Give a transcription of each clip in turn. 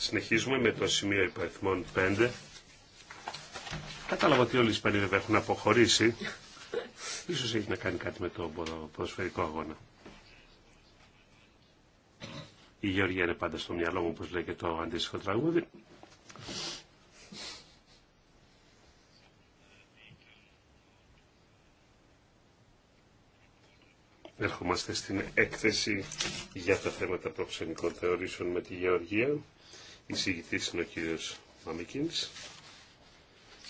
Συνεχίζουμε με το σημείο υπαριθμών 5. Κατάλαβα ότι όλοι οι Ισπανοί έχουν αποχωρήσει. Ίσως έχει να κάνει κάτι με το ποδοσφαιρικό αγώνα. Η Γεωργία είναι πάντα στο μυαλό μου, όπως λέει και το αντίστοιχο τραγούδι. Ερχόμαστε στην έκθεση για τα θέματα προξενικών θεωρήσεων με τη Γεωργία. Η συγητής είναι ο κύριος Μαμικίνης.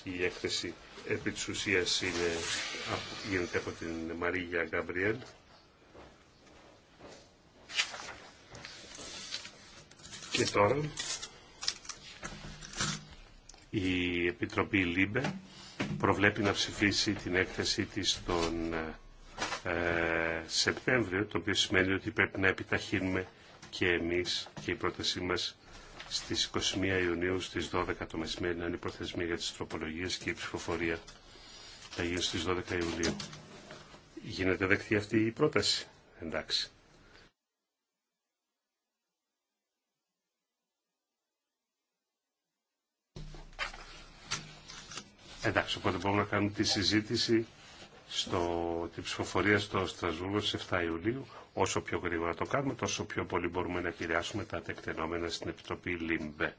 Η έκθεση επί της ουσίας είναι, γίνεται από την Μαρίγια Γκαμπριέλ. Και τώρα η Επιτροπή ΛΥΜΠΕ προβλέπει να ψηφίσει την έκθεση της των ε, Σεπτέμβριο, το οποίο σημαίνει ότι πρέπει να επιταχύνουμε και εμείς και η πρότασή μας στις 21 Ιουνίου στις 12 το μεσημέρι να είναι η προθεσμία για τις τροπολογίες και η ψηφοφορία θα γίνει στις 12 Ιουλίου. Γίνεται δεκτή αυτή η πρόταση. Εντάξει. Εντάξει, οπότε μπορούμε να κάνουμε τη συζήτηση στο, τη ψηφοφορία στο Στρασβούργο στις 7 Ιουλίου. Όσο πιο γρήγορα το κάνουμε, τόσο πιο πολύ μπορούμε να επηρεάσουμε τα τεκτενόμενα στην Επιτροπή ΛΥΜΠΕ.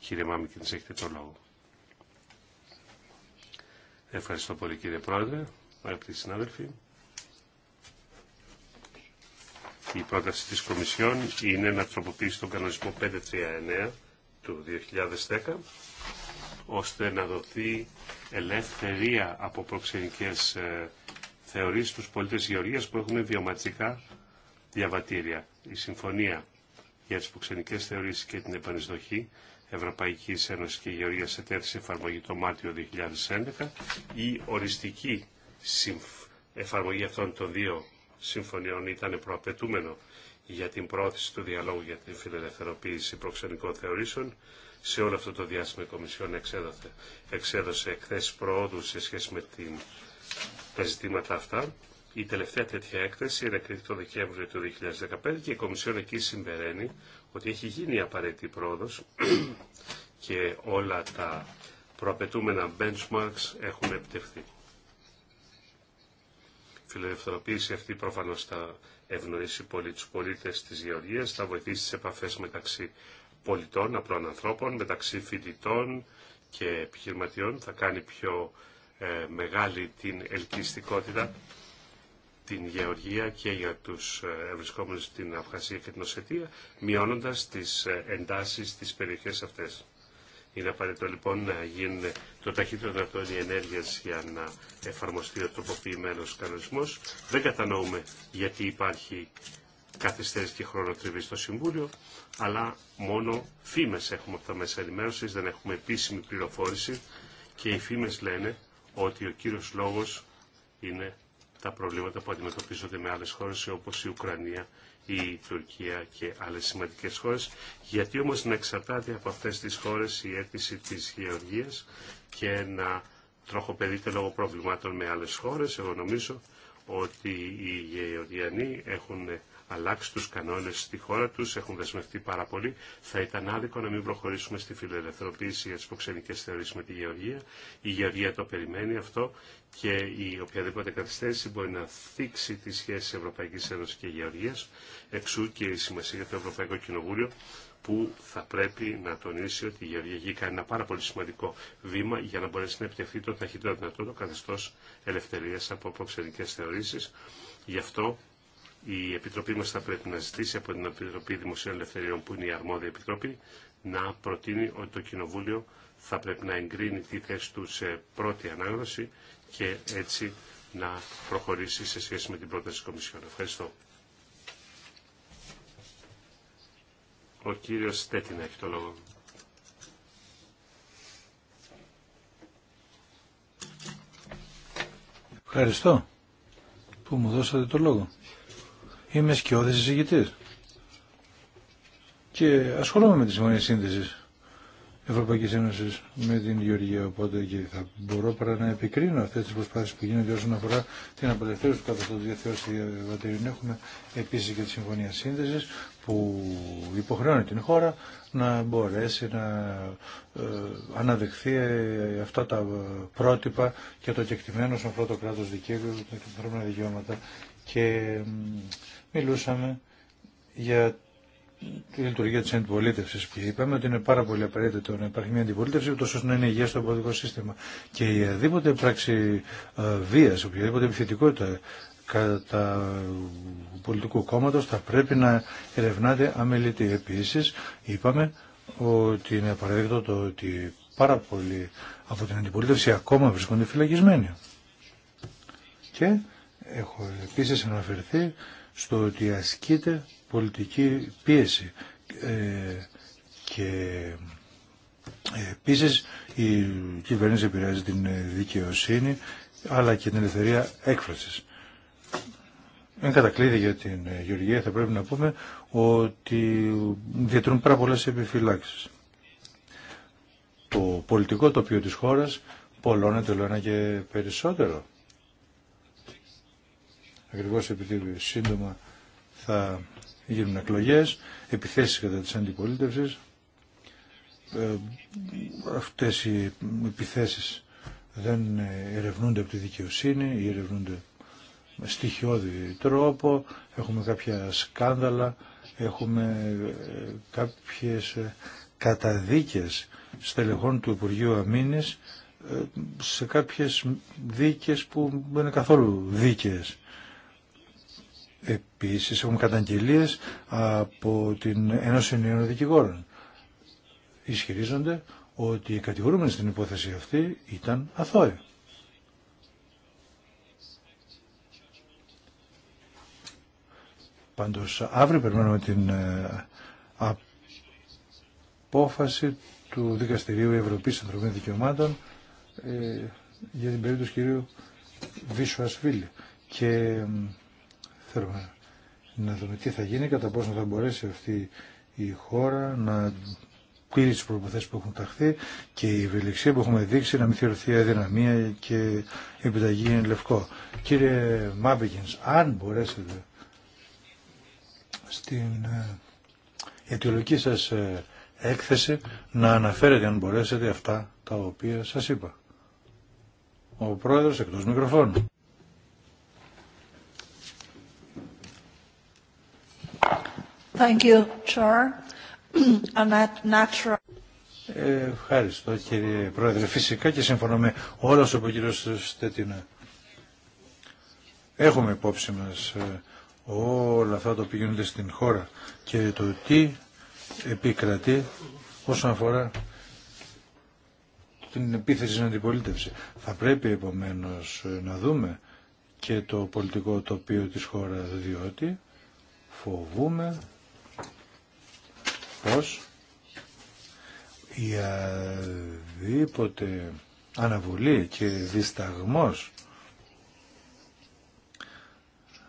Κύριε Μάμικη έχετε το λόγο. Ευχαριστώ πολύ κύριε Πρόεδρε, αγαπητοί συνάδελφοι. Η πρόταση της Κομισιόν είναι να τροποποιήσει τον κανονισμό 539 του 2010 ώστε να δοθεί ελευθερία από προξενικές ε, θεωρίες στους πολίτες γεωργίας που έχουν βιωματικά διαβατήρια. Η Συμφωνία για τις προξενικές θεωρίες και την επανεισδοχή Ευρωπαϊκής Ένωσης και Γεωργίας ετέθησε εφαρμογή το Μάρτιο 2011. Η οριστική εφαρμογή αυτών των δύο συμφωνιών ήταν προαπαιτούμενο για την πρόθεση του διαλόγου για την φιλελευθερωποίηση προξενικών θεωρήσεων σε όλο αυτό το διάστημα η Κομισιόν εξέδωσε, εξέδωσε εκθέσεις προόδου σε σχέση με την, τα ζητήματα αυτά. Η τελευταία τέτοια έκθεση ενεκρίθηκε το Δεκέμβριο του 2015 και η Κομισιόν εκεί συμπεραίνει ότι έχει γίνει απαραίτητη πρόοδος και όλα τα προαπαιτούμενα benchmarks έχουν επιτευχθεί. Η αυτή προφανώς θα ευνοήσει πολύ τους πολίτες της Γεωργίας, θα βοηθήσει τις επαφές μεταξύ πολιτών, απλών ανθρώπων, μεταξύ φοιτητών και επιχειρηματιών. Θα κάνει πιο ε, μεγάλη την ελκυστικότητα την γεωργία και για τους ε, ευρισκόμενους στην Αυχασία και την Οσετία, μειώνοντας τις ε, εντάσεις στις περιοχές αυτές. Είναι απαραίτητο λοιπόν να γίνει το ταχύτερο δυνατό η ενέργειας για να εφαρμοστεί ο τροποποιημένο κανονισμό. Δεν κατανοούμε γιατί υπάρχει καθυστέρηση και χρονοτριβή στο Συμβούλιο, αλλά μόνο φήμε έχουμε από τα μέσα ενημέρωση, δεν έχουμε επίσημη πληροφόρηση και οι φήμε λένε ότι ο κύριο λόγο είναι τα προβλήματα που αντιμετωπίζονται με άλλε χώρε όπω η Ουκρανία, η Τουρκία και άλλες σημαντικές χώρες. Γιατί όμως να εξαρτάται από αυτές τις χώρες η αίτηση της γεωργίας και να τροχοπεδείται λόγω προβλημάτων με άλλες χώρες. Εγώ νομίζω ότι οι γεωργιανοί έχουν αλλάξει τους κανόνες στη χώρα τους, έχουν δεσμευτεί πάρα πολύ. Θα ήταν άδικο να μην προχωρήσουμε στη φιλελευθερωποίηση για τις προξενικές θεωρήσεις με τη Γεωργία. Η Γεωργία το περιμένει αυτό και η οποιαδήποτε καθυστέρηση μπορεί να θίξει τι σχέσει Ευρωπαϊκής Ένωσης και Γεωργίας, εξού και η σημασία για το Ευρωπαϊκό Κοινοβούλιο που θα πρέπει να τονίσει ότι η Γεωργία κάνει ένα πάρα πολύ σημαντικό βήμα για να μπορέσει να επιτευχθεί το ταχύτερο δυνατό το ελευθερία από προξενικέ θεωρήσει. Γι' αυτό η Επιτροπή μας θα πρέπει να ζητήσει από την Επιτροπή Δημοσίων Ελευθεριών που είναι η αρμόδια Επιτροπή να προτείνει ότι το Κοινοβούλιο θα πρέπει να εγκρίνει τη θέση του σε πρώτη ανάγνωση και έτσι να προχωρήσει σε σχέση με την πρόταση της Κομισιόν. Ευχαριστώ. Ο κύριος Στέτινα έχει το λόγο. Ευχαριστώ που μου δώσατε το λόγο είμαι σκιώδης εισηγητής και ασχολούμαι με τη Συμφωνία Σύνδεσης Ευρωπαϊκής Ένωσης με την Γεωργία οπότε και θα μπορώ παρά να επικρίνω αυτές τις προσπάθειες που γίνονται όσον αφορά την απελευθέρωση του καθεστώτου διαθέωσης διαβατήριων. Έχουμε επίσης και τη Συμφωνία Σύνδεσης που υποχρεώνει την χώρα να μπορέσει να ε, αναδεχθεί ε, αυτά τα ε, πρότυπα και το κεκτημένο στον πρώτο κράτος δικαίου, τα δικαιώματα και μιλούσαμε για τη λειτουργία τη αντιπολίτευση και είπαμε ότι είναι πάρα πολύ απαραίτητο να υπάρχει μια αντιπολίτευση, ούτω ώστε να είναι υγεία στο πολιτικό σύστημα. Και η αδίποτε πράξη ε, βία, οποιαδήποτε επιθετικότητα κατά πολιτικού κόμματο θα πρέπει να ερευνάται αμελητή. Επίση, είπαμε ότι είναι απαραίτητο το ότι πάρα πολλοί από την αντιπολίτευση ακόμα βρίσκονται φυλακισμένοι. Και έχω επίσης αναφερθεί στο ότι ασκείται πολιτική πίεση ε, και ε, επίσης η κυβέρνηση επηρεάζει την δικαιοσύνη αλλά και την ελευθερία έκφρασης. Εν κατακλείδη για την ε, Γεωργία θα πρέπει να πούμε ότι διατρούν πάρα πολλέ επιφυλάξεις. Το πολιτικό τοπίο της χώρας πολλώνεται όλο ένα και περισσότερο ακριβώς επειδή σύντομα θα γίνουν εκλογές, επιθέσεις κατά της αντιπολίτευσης. Ε, αυτές οι επιθέσεις δεν ερευνούνται από τη δικαιοσύνη ή ερευνούνται με στοιχειώδη τρόπο, έχουμε κάποια σκάνδαλα, έχουμε ε, κάποιες ε, καταδίκες στελεχών του Υπουργείου Αμήνης ε, σε κάποιες δίκες που δεν είναι καθόλου δίκες. Επίσης έχουμε καταγγελίες από την Ένωση Νέων Δικηγόρων. Ισχυρίζονται ότι οι κατηγορούμενοι στην υπόθεση αυτή ήταν αθώοι. Πάντως αύριο περιμένουμε την ε, απόφαση του Δικαστηρίου Ευρωπής Ανθρωπίνων Δικαιωμάτων ε, για την περίπτωση κυρίου Βίσου Ασφίλη. Και Θέλουμε να δούμε τι θα γίνει, κατά πόσο θα μπορέσει αυτή η χώρα να πλήρει τι προποθέσει που έχουν ταχθεί και η ευελιξία που έχουμε δείξει να μην θεωρηθεί αδυναμία και επιταγή είναι λευκό. Κύριε Μάμπικινς, αν μπορέσετε στην ε, αιτιολογική σας ε, έκθεση να αναφέρετε αν μπορέσετε αυτά τα οποία σα είπα. Ο πρόεδρος εκτός μικροφώνου. Thank you, Chair. Ε, ευχαριστώ κύριε Πρόεδρε. Φυσικά και συμφωνώ με όλα όσο είπε ο κύριο Στέτινα. Έχουμε υπόψη μας ε, όλα αυτά τα οποία γίνονται στην χώρα και το τι επικρατεί όσον αφορά την επίθεση στην αντιπολίτευση. Θα πρέπει επομένως να δούμε και το πολιτικό τοπίο της χώρας διότι φοβούμε πως η αδίποτε αναβολή και δισταγμός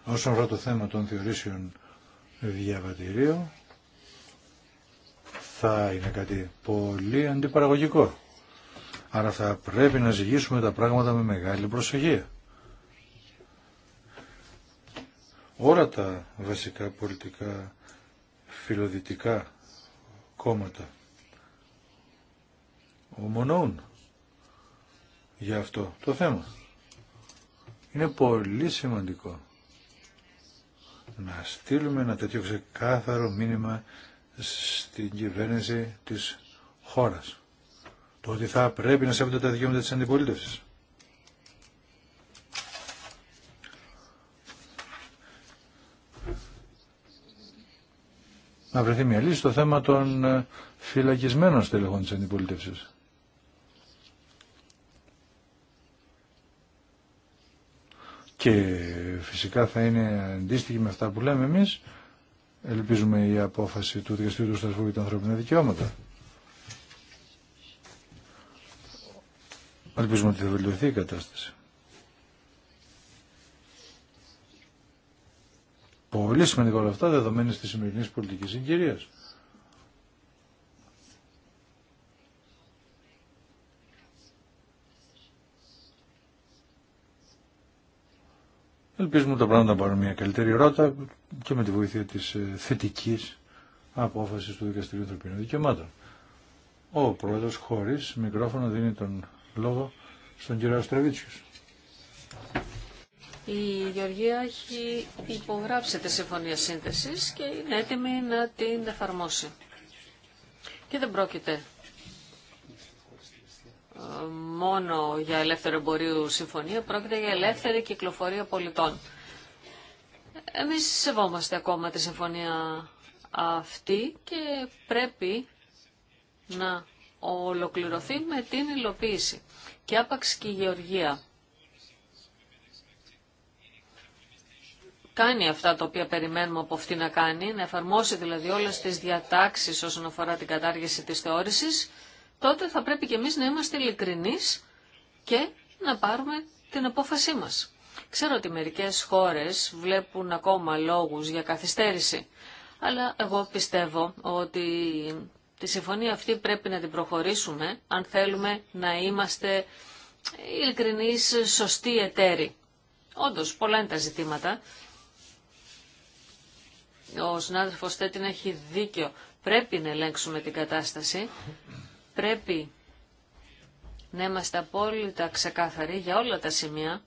όσον αφορά το θέμα των θεωρήσεων διαβατηρίου θα είναι κάτι πολύ αντιπαραγωγικό. Άρα θα πρέπει να ζυγίσουμε τα πράγματα με μεγάλη προσοχή. Όλα τα βασικά πολιτικά φιλοδυτικά κόμματα ομονοούν για αυτό το θέμα. Είναι πολύ σημαντικό να στείλουμε ένα τέτοιο ξεκάθαρο μήνυμα στην κυβέρνηση της χώρας. Το ότι θα πρέπει να σέβονται τα δικαιώματα της αντιπολίτευσης. να βρεθεί μια λύση στο θέμα των ε, φυλακισμένων στελεχών της αντιπολίτευσης. Και φυσικά θα είναι αντίστοιχη με αυτά που λέμε εμείς, ελπίζουμε η απόφαση του Δικαστήριου του Στασβού για τα ανθρώπινα δικαιώματα. Ελπίζουμε ότι θα βελτιωθεί η κατάσταση. Πολύ σημαντικό όλα αυτά δεδομένες της σημερινής πολιτικής συγκυρίας. Ελπίζουμε τα πράγματα να πάρουν μια καλύτερη ρότα και με τη βοήθεια της ε, θετικής απόφασης του Δικαστηρίου Ανθρωπίνων Δικαιωμάτων. Ο πρόεδρος χωρίς μικρόφωνο δίνει τον λόγο στον κύριο Αστραβίτσιος. Η Γεωργία έχει υπογράψει τη Συμφωνία Σύνθεσης και είναι έτοιμη να την εφαρμόσει. Και δεν πρόκειται ε, μόνο για ελεύθερο εμπορίου συμφωνία, πρόκειται για ελεύθερη κυκλοφορία πολιτών. Εμείς σεβόμαστε ακόμα τη συμφωνία αυτή και πρέπει να ολοκληρωθεί με την υλοποίηση. Και άπαξ και η Γεωργία κάνει αυτά τα οποία περιμένουμε από αυτή να κάνει, να εφαρμόσει δηλαδή όλες τις διατάξεις όσον αφορά την κατάργηση της θεώρησης, τότε θα πρέπει και εμείς να είμαστε ειλικρινεί και να πάρουμε την απόφασή μας. Ξέρω ότι μερικές χώρες βλέπουν ακόμα λόγους για καθυστέρηση, αλλά εγώ πιστεύω ότι τη συμφωνία αυτή πρέπει να την προχωρήσουμε αν θέλουμε να είμαστε ειλικρινείς σωστοί εταίροι. Όντως, πολλά είναι τα ζητήματα ο συνάδελφος Τέτιν έχει δίκιο. Πρέπει να ελέγξουμε την κατάσταση. Πρέπει να είμαστε απόλυτα ξεκάθαροι για όλα τα σημεία,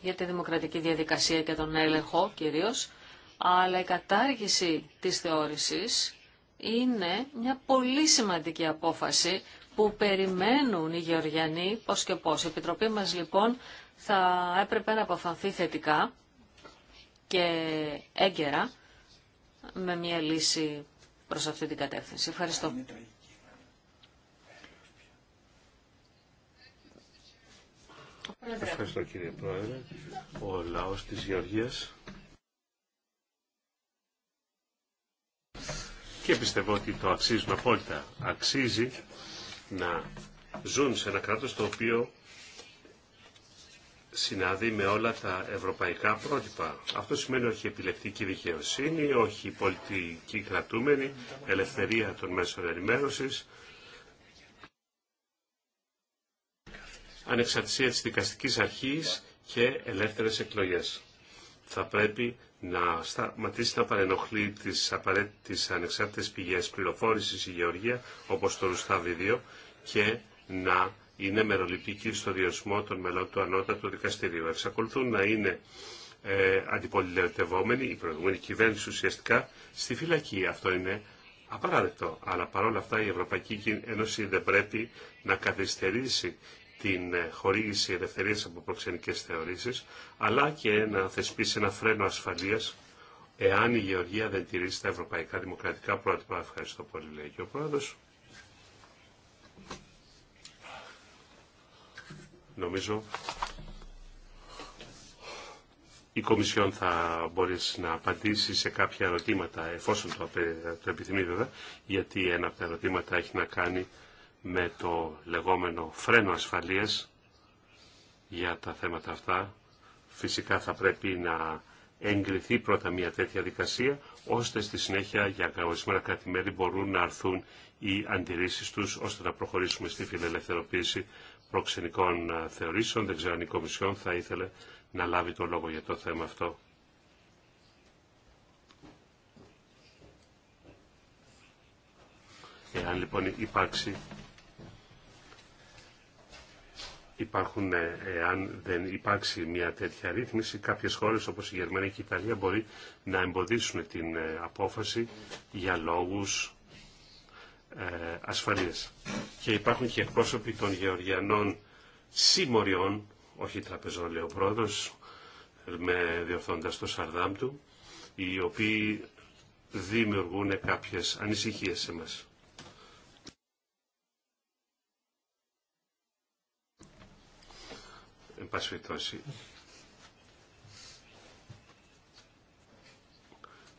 για τη δημοκρατική διαδικασία και τον έλεγχο κυρίως, αλλά η κατάργηση της θεώρησης είναι μια πολύ σημαντική απόφαση που περιμένουν οι Γεωργιανοί πώς και πώς. Η Επιτροπή μας λοιπόν θα έπρεπε να αποφανθεί θετικά και έγκαιρα με μια λύση προς αυτή την κατεύθυνση. Ευχαριστώ. Ευχαριστώ κύριε Πρόεδρε. Ο λαός της Γεωργίας. Και πιστεύω ότι το αξίζουμε απόλυτα. Αξίζει να ζουν σε ένα κράτος το οποίο συνάδει με όλα τα ευρωπαϊκά πρότυπα. Αυτό σημαίνει όχι επιλεκτική δικαιοσύνη, όχι πολιτική κρατούμενη, ελευθερία των μέσων ενημέρωσης, ανεξαρτησία της δικαστικής αρχής και ελεύθερες εκλογές. Θα πρέπει να σταματήσει να παρενοχλεί τις απαραίτητες ανεξάρτητες πηγές πληροφόρησης η Γεωργία, όπως το Ρουστάβι και να είναι μεροληπτική στο διορισμό των μελών του ανώτατου δικαστηρίου. Εξακολουθούν να είναι ε, αντιπολιτευόμενοι, η προηγούμενη κυβέρνηση ουσιαστικά, στη φυλακή. Αυτό είναι απαράδεκτο. Αλλά παρόλα αυτά η Ευρωπαϊκή Ένωση δεν πρέπει να καθυστερήσει την ε, χορήγηση ελευθερία από προξενικέ θεωρήσει, αλλά και να θεσπίσει ένα φρένο ασφαλεία εάν η Γεωργία δεν τηρήσει τα ευρωπαϊκά δημοκρατικά πρότυπα. Ευχαριστώ πολύ, λέει και ο πρόεδρο. Νομίζω η Κομισιόν θα μπορεί να απαντήσει σε κάποια ερωτήματα, εφόσον το, το επιθυμεί βέβαια, γιατί ένα από τα ερωτήματα έχει να κάνει με το λεγόμενο φρένο ασφαλείας για τα θέματα αυτά. Φυσικά θα πρέπει να εγκριθεί πρώτα μια τέτοια δικασία, ώστε στη συνέχεια για ορισμένα μπορούν να αρθούν οι αντιρρήσεις τους, ώστε να προχωρήσουμε στη φιλελευθερωποίηση προξενικών ε, θεωρήσεων. Δεν ξέρω αν η Κομισιόν θα ήθελε να λάβει το λόγο για το θέμα αυτό. Εάν λοιπόν υπάρξει, υπάρχουν, ε, εάν δεν υπάρξει μια τέτοια ρύθμιση, κάποιες χώρες όπως η Γερμανία και η Ιταλία μπορεί να εμποδίσουν την ε, απόφαση για λόγους ε, ασφαλείας. Και υπάρχουν και εκπρόσωποι των γεωργιανών συμμοριών, όχι τραπεζών λέει ο πρόεδρος, με διορθώντας το σαρδάμ του, οι οποίοι δημιουργούν κάποιες ανησυχίες σε μας. Εν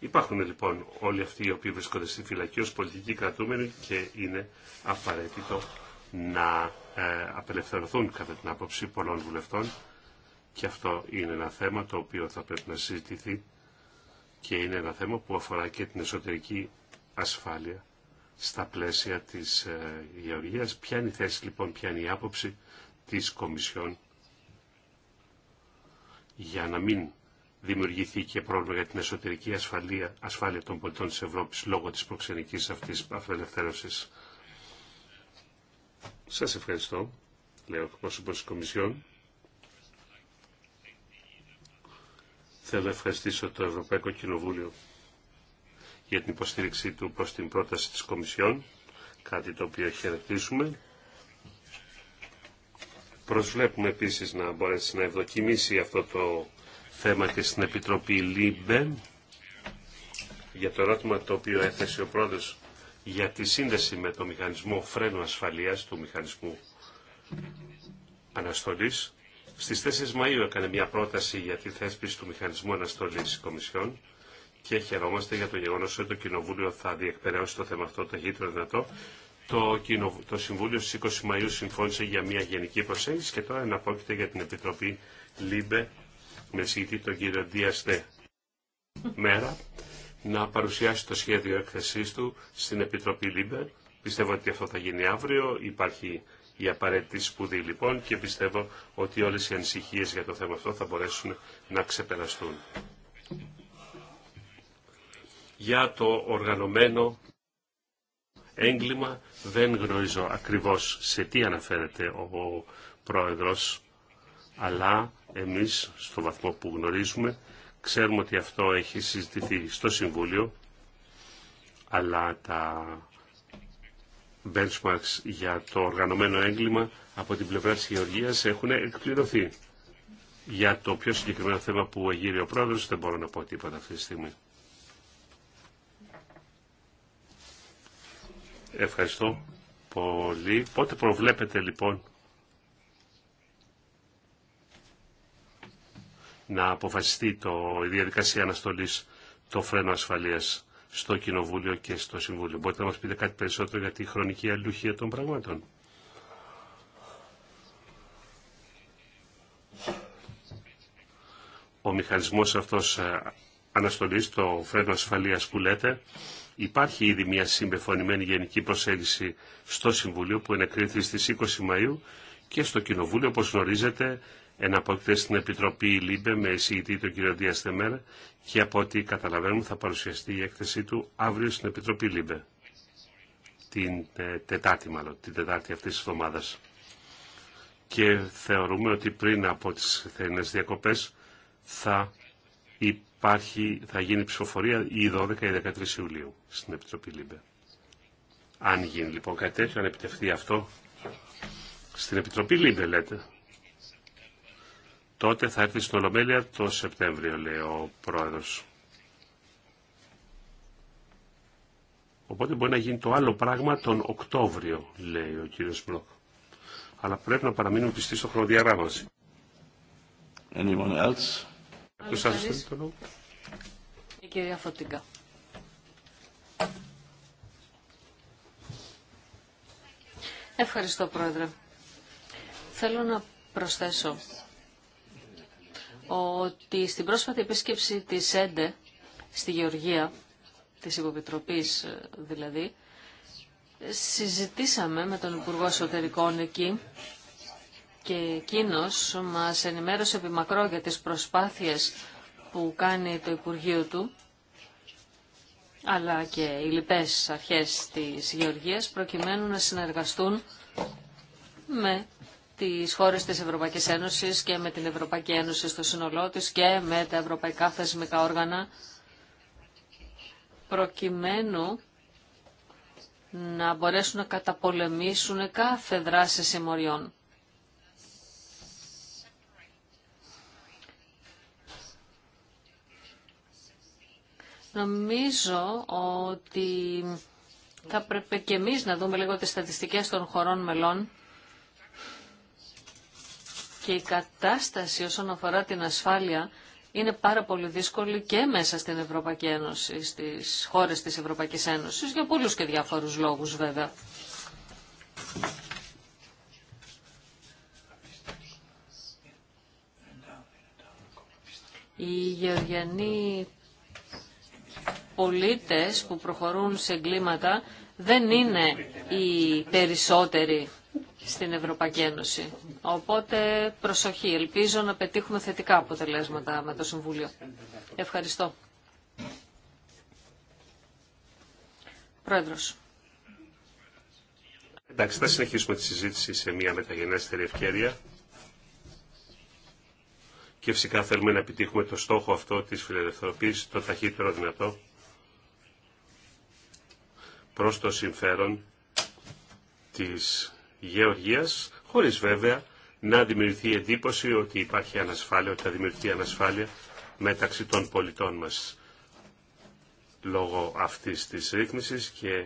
Υπάρχουν λοιπόν όλοι αυτοί οι οποίοι βρίσκονται στη φυλακή ως πολιτικοί κρατούμενοι και είναι απαραίτητο να ε, απελευθερωθούν κατά την άποψη πολλών βουλευτών και αυτό είναι ένα θέμα το οποίο θα πρέπει να συζητηθεί και είναι ένα θέμα που αφορά και την εσωτερική ασφάλεια στα πλαίσια της ε, γεωργίας. Ποια είναι η θέση λοιπόν, ποια είναι η άποψη της Κομισιόν για να μην δημιουργηθεί και πρόβλημα για την εσωτερική ασφαλεία, ασφάλεια των πολιτών της Ευρώπης λόγω της προξενικής αυτής αφελευθέρωσης. Σας ευχαριστώ, λέω εκπρόσωπος της Κομισιόν. Θέλω να ευχαριστήσω το Ευρωπαϊκό Κοινοβούλιο για την υποστήριξή του προς την πρόταση της Κομισιόν, κάτι το οποίο χαιρετήσουμε. Προσβλέπουμε επίσης να μπορέσει να ευδοκιμήσει αυτό το θέμα και στην Επιτροπή ΛΥΜΠΕ για το ερώτημα το οποίο έθεσε ο πρόεδρος για τη σύνδεση με το μηχανισμό φρένου ασφαλείας του μηχανισμού αναστολής. Στις 4 Μαΐου έκανε μια πρόταση για τη θέσπιση του μηχανισμού αναστολής Κομισιόν και χαιρόμαστε για το γεγονό ότι το Κοινοβούλιο θα διεκπαιρεώσει το θέμα αυτό το ταχύτερο δυνατό. Το, το Συμβούλιο στις 20 Μαΐου συμφώνησε για μια γενική προσέγγιση και τώρα εναπόκειται για την Επιτροπή ΛΥΜΠΕ με τον κύριο Μέρα να παρουσιάσει το σχέδιο έκθεσή του στην Επιτροπή Λίμπερ. Πιστεύω ότι αυτό θα γίνει αύριο. Υπάρχει η απαραίτητη σπουδή λοιπόν και πιστεύω ότι όλες οι ανησυχίες για το θέμα αυτό θα μπορέσουν να ξεπεραστούν. Για το οργανωμένο έγκλημα δεν γνωρίζω ακριβώς σε τι αναφέρεται ο πρόεδρος αλλά εμείς στο βαθμό που γνωρίζουμε ξέρουμε ότι αυτό έχει συζητηθεί στο Συμβούλιο αλλά τα benchmarks για το οργανωμένο έγκλημα από την πλευρά της Γεωργίας έχουν εκπληρωθεί. Για το πιο συγκεκριμένο θέμα που εγείρει ο πρόεδρος δεν μπορώ να πω τίποτα αυτή τη στιγμή. Ευχαριστώ πολύ. Πότε προβλέπετε λοιπόν να αποφασιστεί το, η διαδικασία αναστολής το φρένο ασφαλείας στο Κοινοβούλιο και στο Συμβούλιο. Μπορείτε να μας πείτε κάτι περισσότερο για τη χρονική αλληλουχία των πραγμάτων. Ο μηχανισμός αυτός ε, αναστολής, το φρένο ασφαλείας που λέτε, υπάρχει ήδη μια συμπεφωνημένη γενική προσέγγιση στο Συμβούλιο που ενεκρίθη στις 20 Μαΐου και στο Κοινοβούλιο, όπως γνωρίζετε, εναπόκειται στην Επιτροπή ΛΥΜΠΕ με εισηγητή τον κύριο Θεμέρα και από ό,τι καταλαβαίνουμε θα παρουσιαστεί η έκθεσή του αύριο στην Επιτροπή ΛΥΜΠΕ. Την ε, Τετάρτη μάλλον, την Τετάρτη αυτής της εβδομάδας. Και θεωρούμε ότι πριν από τις θερινές διακοπές θα υπάρχει, θα γίνει ψηφοφορία η 12 ή 13 Ιουλίου στην Επιτροπή ΛΥΜΠΕ. Αν γίνει λοιπόν κάτι τέτοιο, αν επιτευχθεί αυτό στην Επιτροπή ΛΥΜΠΕ λέτε, τότε θα έρθει στην Ολομέλεια το Σεπτέμβριο, λέει ο πρόεδρος. Οπότε μπορεί να γίνει το άλλο πράγμα τον Οκτώβριο, λέει ο κύριος Μπλοκ. Αλλά πρέπει να παραμείνουμε πιστοί στο χρονοδιαγράμμα else? Η Ευχαριστώ, Πρόεδρε. Θέλω να προσθέσω ότι στην πρόσφατη επίσκεψη της ΕΝΤΕ στη Γεωργία, της Υποπιτροπής ε, δηλαδή, συζητήσαμε με τον Υπουργό Εσωτερικών εκεί και εκείνο μας ενημέρωσε επιμακρό για τις προσπάθειες που κάνει το Υπουργείο του αλλά και οι λοιπές αρχές της Γεωργίας προκειμένου να συνεργαστούν με τις χώρες της Ευρωπαϊκής Ένωσης και με την Ευρωπαϊκή Ένωση στο σύνολό της και με τα ευρωπαϊκά θεσμικά όργανα προκειμένου να μπορέσουν να καταπολεμήσουν κάθε δράση συμμοριών. Νομίζω ότι θα πρέπει και εμείς να δούμε λίγο τις στατιστικές των χωρών μελών και η κατάσταση όσον αφορά την ασφάλεια είναι πάρα πολύ δύσκολη και μέσα στην Ευρωπαϊκή Ένωση, στις χώρες της Ευρωπαϊκής Ένωσης, για πολλούς και διάφορους λόγους βέβαια. Οι γεωργιανοί πολίτες που προχωρούν σε εγκλήματα δεν είναι οι περισσότεροι στην Ευρωπαϊκή Ένωση. Οπότε προσοχή. Ελπίζω να πετύχουμε θετικά αποτελέσματα με το Συμβούλιο. Ευχαριστώ. Πρόεδρος. Εντάξει, θα συνεχίσουμε τη συζήτηση σε μια μεταγενέστερη ευκαιρία. Και φυσικά θέλουμε να επιτύχουμε το στόχο αυτό της φιλελευθερωπής το ταχύτερο δυνατό προς το συμφέρον της γεωργίας, χωρίς βέβαια να δημιουργηθεί εντύπωση ότι υπάρχει ανασφάλεια, ότι θα δημιουργηθεί ανασφάλεια μεταξύ των πολιτών μας λόγω αυτής της ρύθμισης και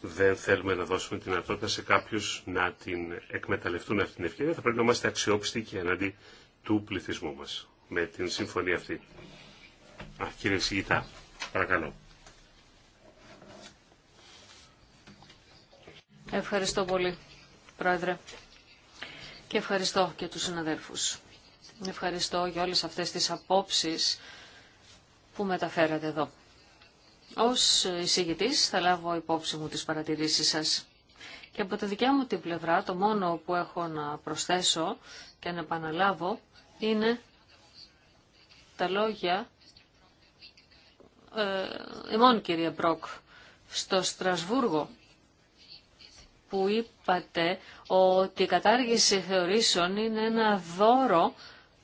δεν θέλουμε να δώσουμε την δυνατότητα σε κάποιους να την εκμεταλλευτούν αυτή την ευκαιρία. Θα πρέπει να είμαστε αξιόπιστοι και εναντί του πληθυσμού μας με την συμφωνία αυτή. κύριε Σιγητά, παρακαλώ. Ευχαριστώ πολύ. Πρόεδρε. Και ευχαριστώ και τους συναδέλφους. Ευχαριστώ για όλες αυτές τις απόψεις που μεταφέρατε εδώ. Ως εισηγητής θα λάβω υπόψη μου τις παρατηρήσεις σας. Και από τη δικιά μου την πλευρά το μόνο που έχω να προσθέσω και να επαναλάβω είναι τα λόγια ε, ημών κυρία Μπρόκ στο Στρασβούργο που είπατε ότι η κατάργηση θεωρήσεων είναι ένα δώρο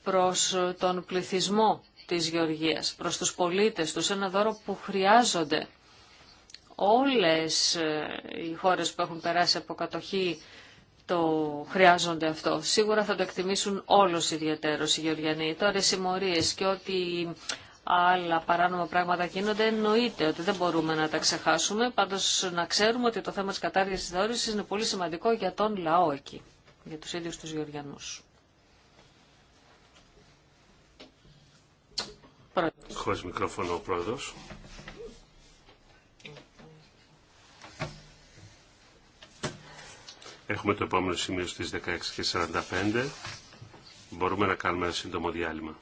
προς τον πληθυσμό της Γεωργίας, προς τους πολίτες τους, ένα δώρο που χρειάζονται. Όλες ε, οι χώρες που έχουν περάσει από κατοχή το χρειάζονται αυτό. Σίγουρα θα το εκτιμήσουν όλος ιδιαίτερος οι Γεωργιανοί. Τώρα οι συμμορίες και ό,τι άλλα παράνομα πράγματα γίνονται, εννοείται ότι δεν μπορούμε να τα ξεχάσουμε. Πάντως να ξέρουμε ότι το θέμα τη κατάργηση τη θεώρηση είναι πολύ σημαντικό για τον λαό εκεί, για του ίδιου του Γεωργιανούς. Χωρίς μικρόφωνο ο πρόεδρο. Έχουμε το επόμενο σημείο στις 16.45. Μπορούμε να κάνουμε ένα σύντομο διάλειμμα.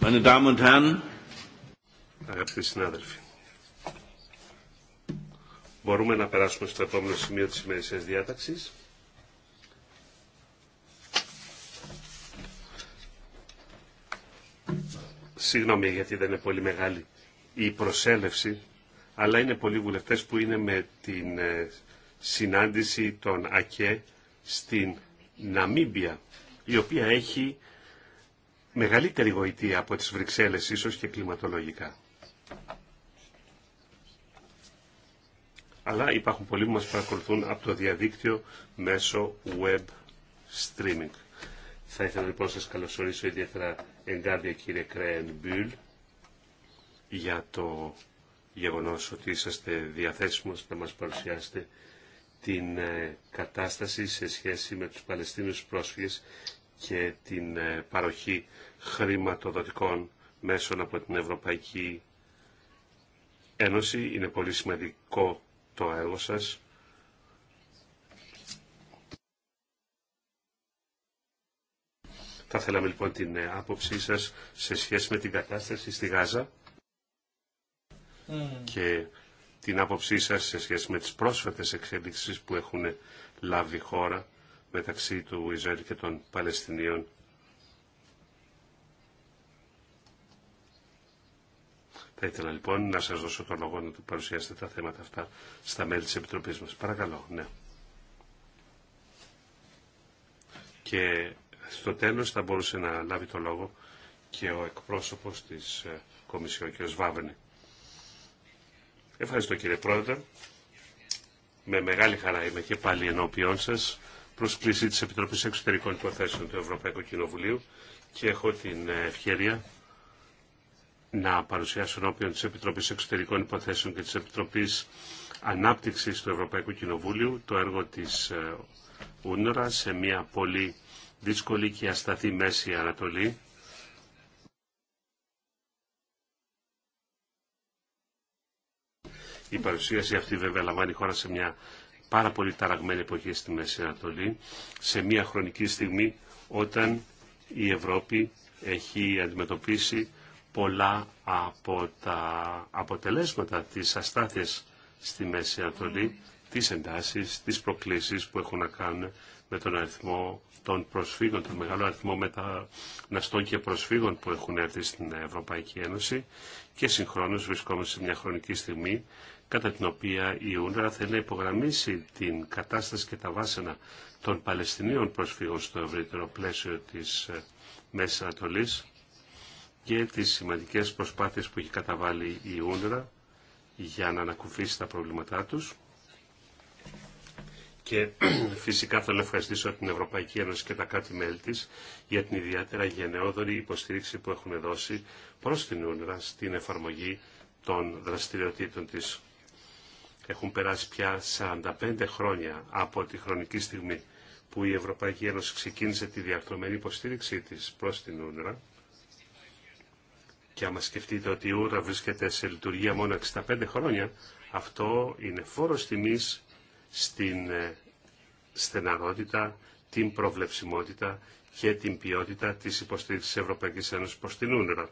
Meine Damen und Herren. Αγαπητοί συνάδελφοι, μπορούμε να περάσουμε στο επόμενο σημείο της ημερησίας διάταξης. Συγγνώμη γιατί δεν είναι πολύ μεγάλη η προσέλευση, αλλά είναι πολλοί βουλευτές που είναι με την ε, συνάντηση των ΑΚΕ στην Ναμίμπια, η οποία έχει μεγαλύτερη γοητεία από τις Βρυξέλλες ίσως και κλιματολογικά. Αλλά υπάρχουν πολλοί που μας παρακολουθούν από το διαδίκτυο μέσω web streaming. Θα ήθελα λοιπόν να σας καλωσορίσω ιδιαίτερα εγκάρδια κύριε Κρέεν Μπιουλ για το γεγονός ότι είσαστε διαθέσιμος να μας παρουσιάσετε την ε, κατάσταση σε σχέση με τους Παλαιστίνους πρόσφυγες και την ε, παροχή χρηματοδοτικών μέσων από την Ευρωπαϊκή Ένωση. Είναι πολύ σημαντικό το έργο σας. Θα θέλαμε λοιπόν την ε, άποψή σας σε σχέση με την κατάσταση στη Γάζα mm. και την άποψή σας σε σχέση με τις πρόσφατες εξέλιξεις που έχουν λάβει η χώρα μεταξύ του Ισραήλ και των Παλαιστινίων. Θα ήθελα λοιπόν να σας δώσω το λόγο να του παρουσιάσετε τα θέματα αυτά στα μέλη της Επιτροπής μας. Παρακαλώ, ναι. Και στο τέλος θα μπορούσε να λάβει το λόγο και ο εκπρόσωπος της ε, Κομισιόν, κ. Βάβενη. Ευχαριστώ κύριε Πρόεδρε. Με μεγάλη χαρά είμαι και πάλι ενώπιόν σας πρόσκληση της Επιτροπής Εξωτερικών Υποθέσεων του Ευρωπαϊκού Κοινοβουλίου και έχω την ε, ευκαιρία να παρουσιάσω ενώπιον της Επιτροπής Εξωτερικών Υποθέσεων και της Επιτροπής Ανάπτυξης του Ευρωπαϊκού Κοινοβούλιου το έργο της ε, Ούνορα σε μια πολύ δύσκολη και ασταθή Μέση Ανατολή. Η παρουσίαση αυτή βέβαια λαμβάνει χώρα σε μια πάρα πολύ ταραγμένη εποχή στη Μέση Ανατολή, σε μια χρονική στιγμή όταν η Ευρώπη έχει αντιμετωπίσει πολλά από τα αποτελέσματα της αστάθειας στη Μέση Ανατολή, τις εντάσεις, τις προκλήσεις που έχουν να κάνουν με τον αριθμό των προσφύγων, τον μεγάλο αριθμό μεταναστών και προσφύγων που έχουν έρθει στην Ευρωπαϊκή Ένωση και συγχρόνως βρισκόμαστε σε μια χρονική στιγμή κατά την οποία η UNRWA θέλει να υπογραμμίσει την κατάσταση και τα βάσανα των Παλαιστινίων προσφύγων στο ευρύτερο πλαίσιο της ε, Μέσης Ανατολής και τις σημαντικές προσπάθειες που έχει καταβάλει η UNRWA για να ανακουφίσει τα προβλήματά τους. Και φυσικά θέλω να ευχαριστήσω την Ευρωπαϊκή Ένωση και τα κάτι μέλη της για την ιδιαίτερα γενναιόδορη υποστήριξη που έχουν δώσει προς την UNRWA στην εφαρμογή των δραστηριοτήτων της. Έχουν περάσει πια 45 χρόνια από τη χρονική στιγμή που η Ευρωπαϊκή Ένωση ξεκίνησε τη διαρθρωμένη υποστήριξή της προς την Ούνρα. Και άμα σκεφτείτε ότι η Ούρα βρίσκεται σε λειτουργία μόνο 65 χρόνια, αυτό είναι φόρος τιμής στην ε, στεναρότητα, την προβλεψιμότητα και την ποιότητα της υποστήριξης της Ευρωπαϊκής Ένωσης προς την Ούνρα.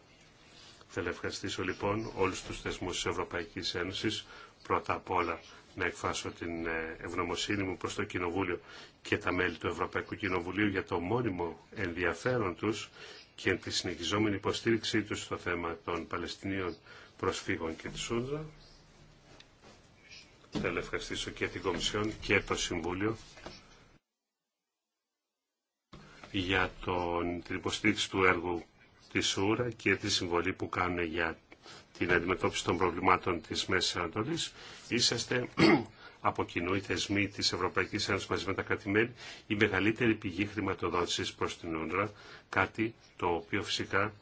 Θέλω ευχαριστήσω λοιπόν όλους τους θεσμούς της Ευρωπαϊκής Ένωσης πρώτα απ' όλα να εκφράσω την ε, ευγνωμοσύνη μου προς το Κοινοβούλιο και τα μέλη του Ευρωπαϊκού Κοινοβουλίου για το μόνιμο ενδιαφέρον τους και τη συνεχιζόμενη υποστήριξή τους στο θέμα των Παλαιστινίων προσφύγων και της Σούντζα. Θέλω ευχαριστήσω και την Κομισιόν και το Συμβούλιο για τον, την υποστήριξη του έργου της ΣΟΥΡΑ και τη συμβολή που κάνουν για την αντιμετώπιση των προβλημάτων της Μέσης Ανατολής. Είσαστε από κοινού οι θεσμοί της Ευρωπαϊκής Ένωσης μαζί με τα κρατη η μεγαλύτερη πηγή χρηματοδότησης προς την Ούντρα, κάτι το οποίο φυσικά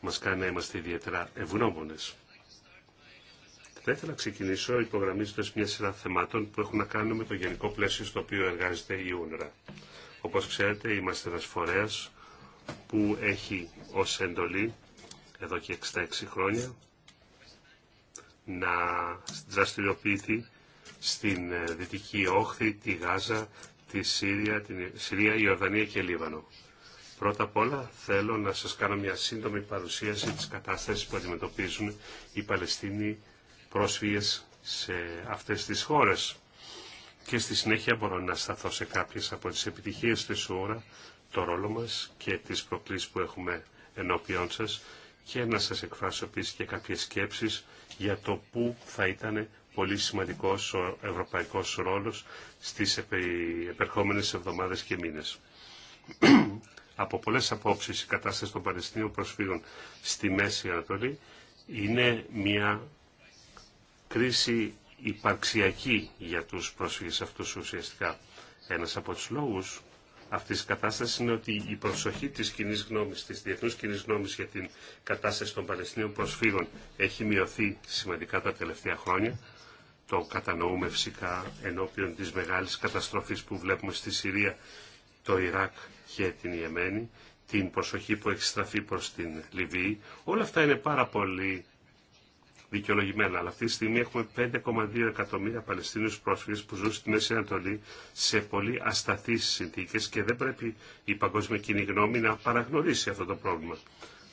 μας κάνει να είμαστε ιδιαίτερα ευγνώμονες. Θα ήθελα να ξεκινήσω υπογραμμίζοντα μια σειρά θεμάτων που έχουν να κάνουν με το γενικό πλαίσιο στο οποίο εργάζεται η Ούνδρα. Όπως ξέρετε, είμαστε ένα φορέα που έχει ως εντολή εδώ και 66 χρόνια να δραστηριοποιηθεί στην ε, Δυτική Όχθη, τη Γάζα, τη Σύρια, την ε, Συρία, η Ορδανία και Λίβανο. Πρώτα απ' όλα θέλω να σας κάνω μια σύντομη παρουσίαση της κατάστασης που αντιμετωπίζουν οι Παλαιστίνοι πρόσφυγες σε αυτές τις χώρες. Και στη συνέχεια μπορώ να σταθώ σε κάποιες από τις επιτυχίες της ώρα το ρόλο μας και τις προκλήσεις που έχουμε ενώπιόν σας και να σας εκφράσω επίση και κάποιες σκέψεις για το πού θα ήταν πολύ σημαντικός ο ευρωπαϊκός ρόλος στις επερχόμενες εβδομάδες και μήνες. Από πολλές απόψεις η κατάσταση των Παλαιστινίων προσφύγων στη Μέση Ανατολή είναι μια κρίση υπαρξιακή για τους πρόσφυγες αυτούς ουσιαστικά. Ένας από τους λόγους αυτής της κατάστασης είναι ότι η προσοχή της κοινή γνώμης, της διεθνούς κοινή γνώμης για την κατάσταση των Παλαιστινίων προσφύγων έχει μειωθεί σημαντικά τα τελευταία χρόνια. Το κατανοούμε φυσικά ενώπιον της μεγάλης καταστροφής που βλέπουμε στη Συρία, το Ιράκ και την Ιεμένη, την προσοχή που έχει στραφεί προς την Λιβύη. Όλα αυτά είναι πάρα πολύ δικαιολογημένα. Αλλά αυτή τη στιγμή έχουμε 5,2 εκατομμύρια Παλαιστίνιους πρόσφυγες που ζουν στη Μέση Ανατολή σε πολύ ασταθείς συνθήκες και δεν πρέπει η παγκόσμια κοινή γνώμη να παραγνωρίσει αυτό το πρόβλημα.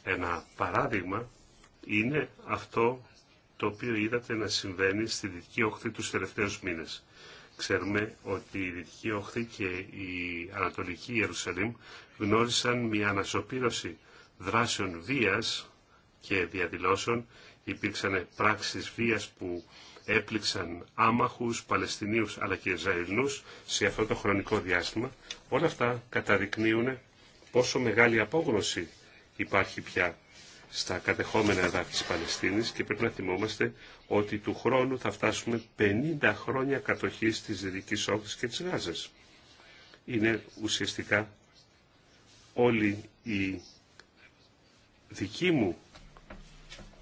Ένα παράδειγμα είναι αυτό το οποίο είδατε να συμβαίνει στη Δυτική Οχθή τους τελευταίους μήνες. Ξέρουμε ότι η Δυτική Οχθή και η Ανατολική Ιερουσαλήμ γνώρισαν μια ανασωπήρωση δράσεων βίας και διαδηλώσεων υπήρξαν πράξεις βίας που έπληξαν άμαχους, Παλαιστινίους αλλά και Ισραηλινούς σε αυτό το χρονικό διάστημα. Όλα αυτά καταδεικνύουν πόσο μεγάλη απόγνωση υπάρχει πια στα κατεχόμενα εδάφη της Παλαιστίνης και πρέπει να θυμόμαστε ότι του χρόνου θα φτάσουμε 50 χρόνια κατοχής της Δυτικής Όχθης και της Γάζας. Είναι ουσιαστικά όλη η δική μου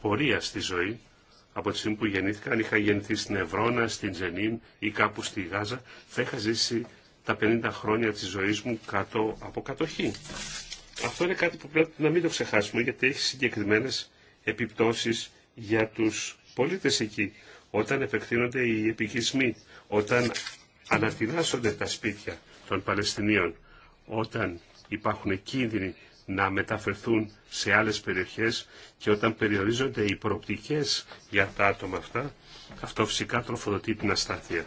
πορεία στη ζωή. Από τη στιγμή που γεννήθηκα, αν είχα γεννηθεί στην Ευρώνα, στην Τζενίν ή κάπου στη Γάζα, θα είχα ζήσει τα 50 χρόνια της ζωής μου κάτω από κατοχή. Αυτό είναι κάτι που πρέπει να μην το ξεχάσουμε γιατί έχει συγκεκριμένες επιπτώσεις για τους πολίτες εκεί. Όταν επεκτείνονται οι επικισμοί, όταν ανατινάσσονται τα σπίτια των Παλαιστινίων, όταν υπάρχουν κίνδυνοι να μεταφερθούν σε άλλες περιοχές και όταν περιορίζονται οι προοπτικές για τα άτομα αυτά, αυτό φυσικά τροφοδοτεί την αστάθεια.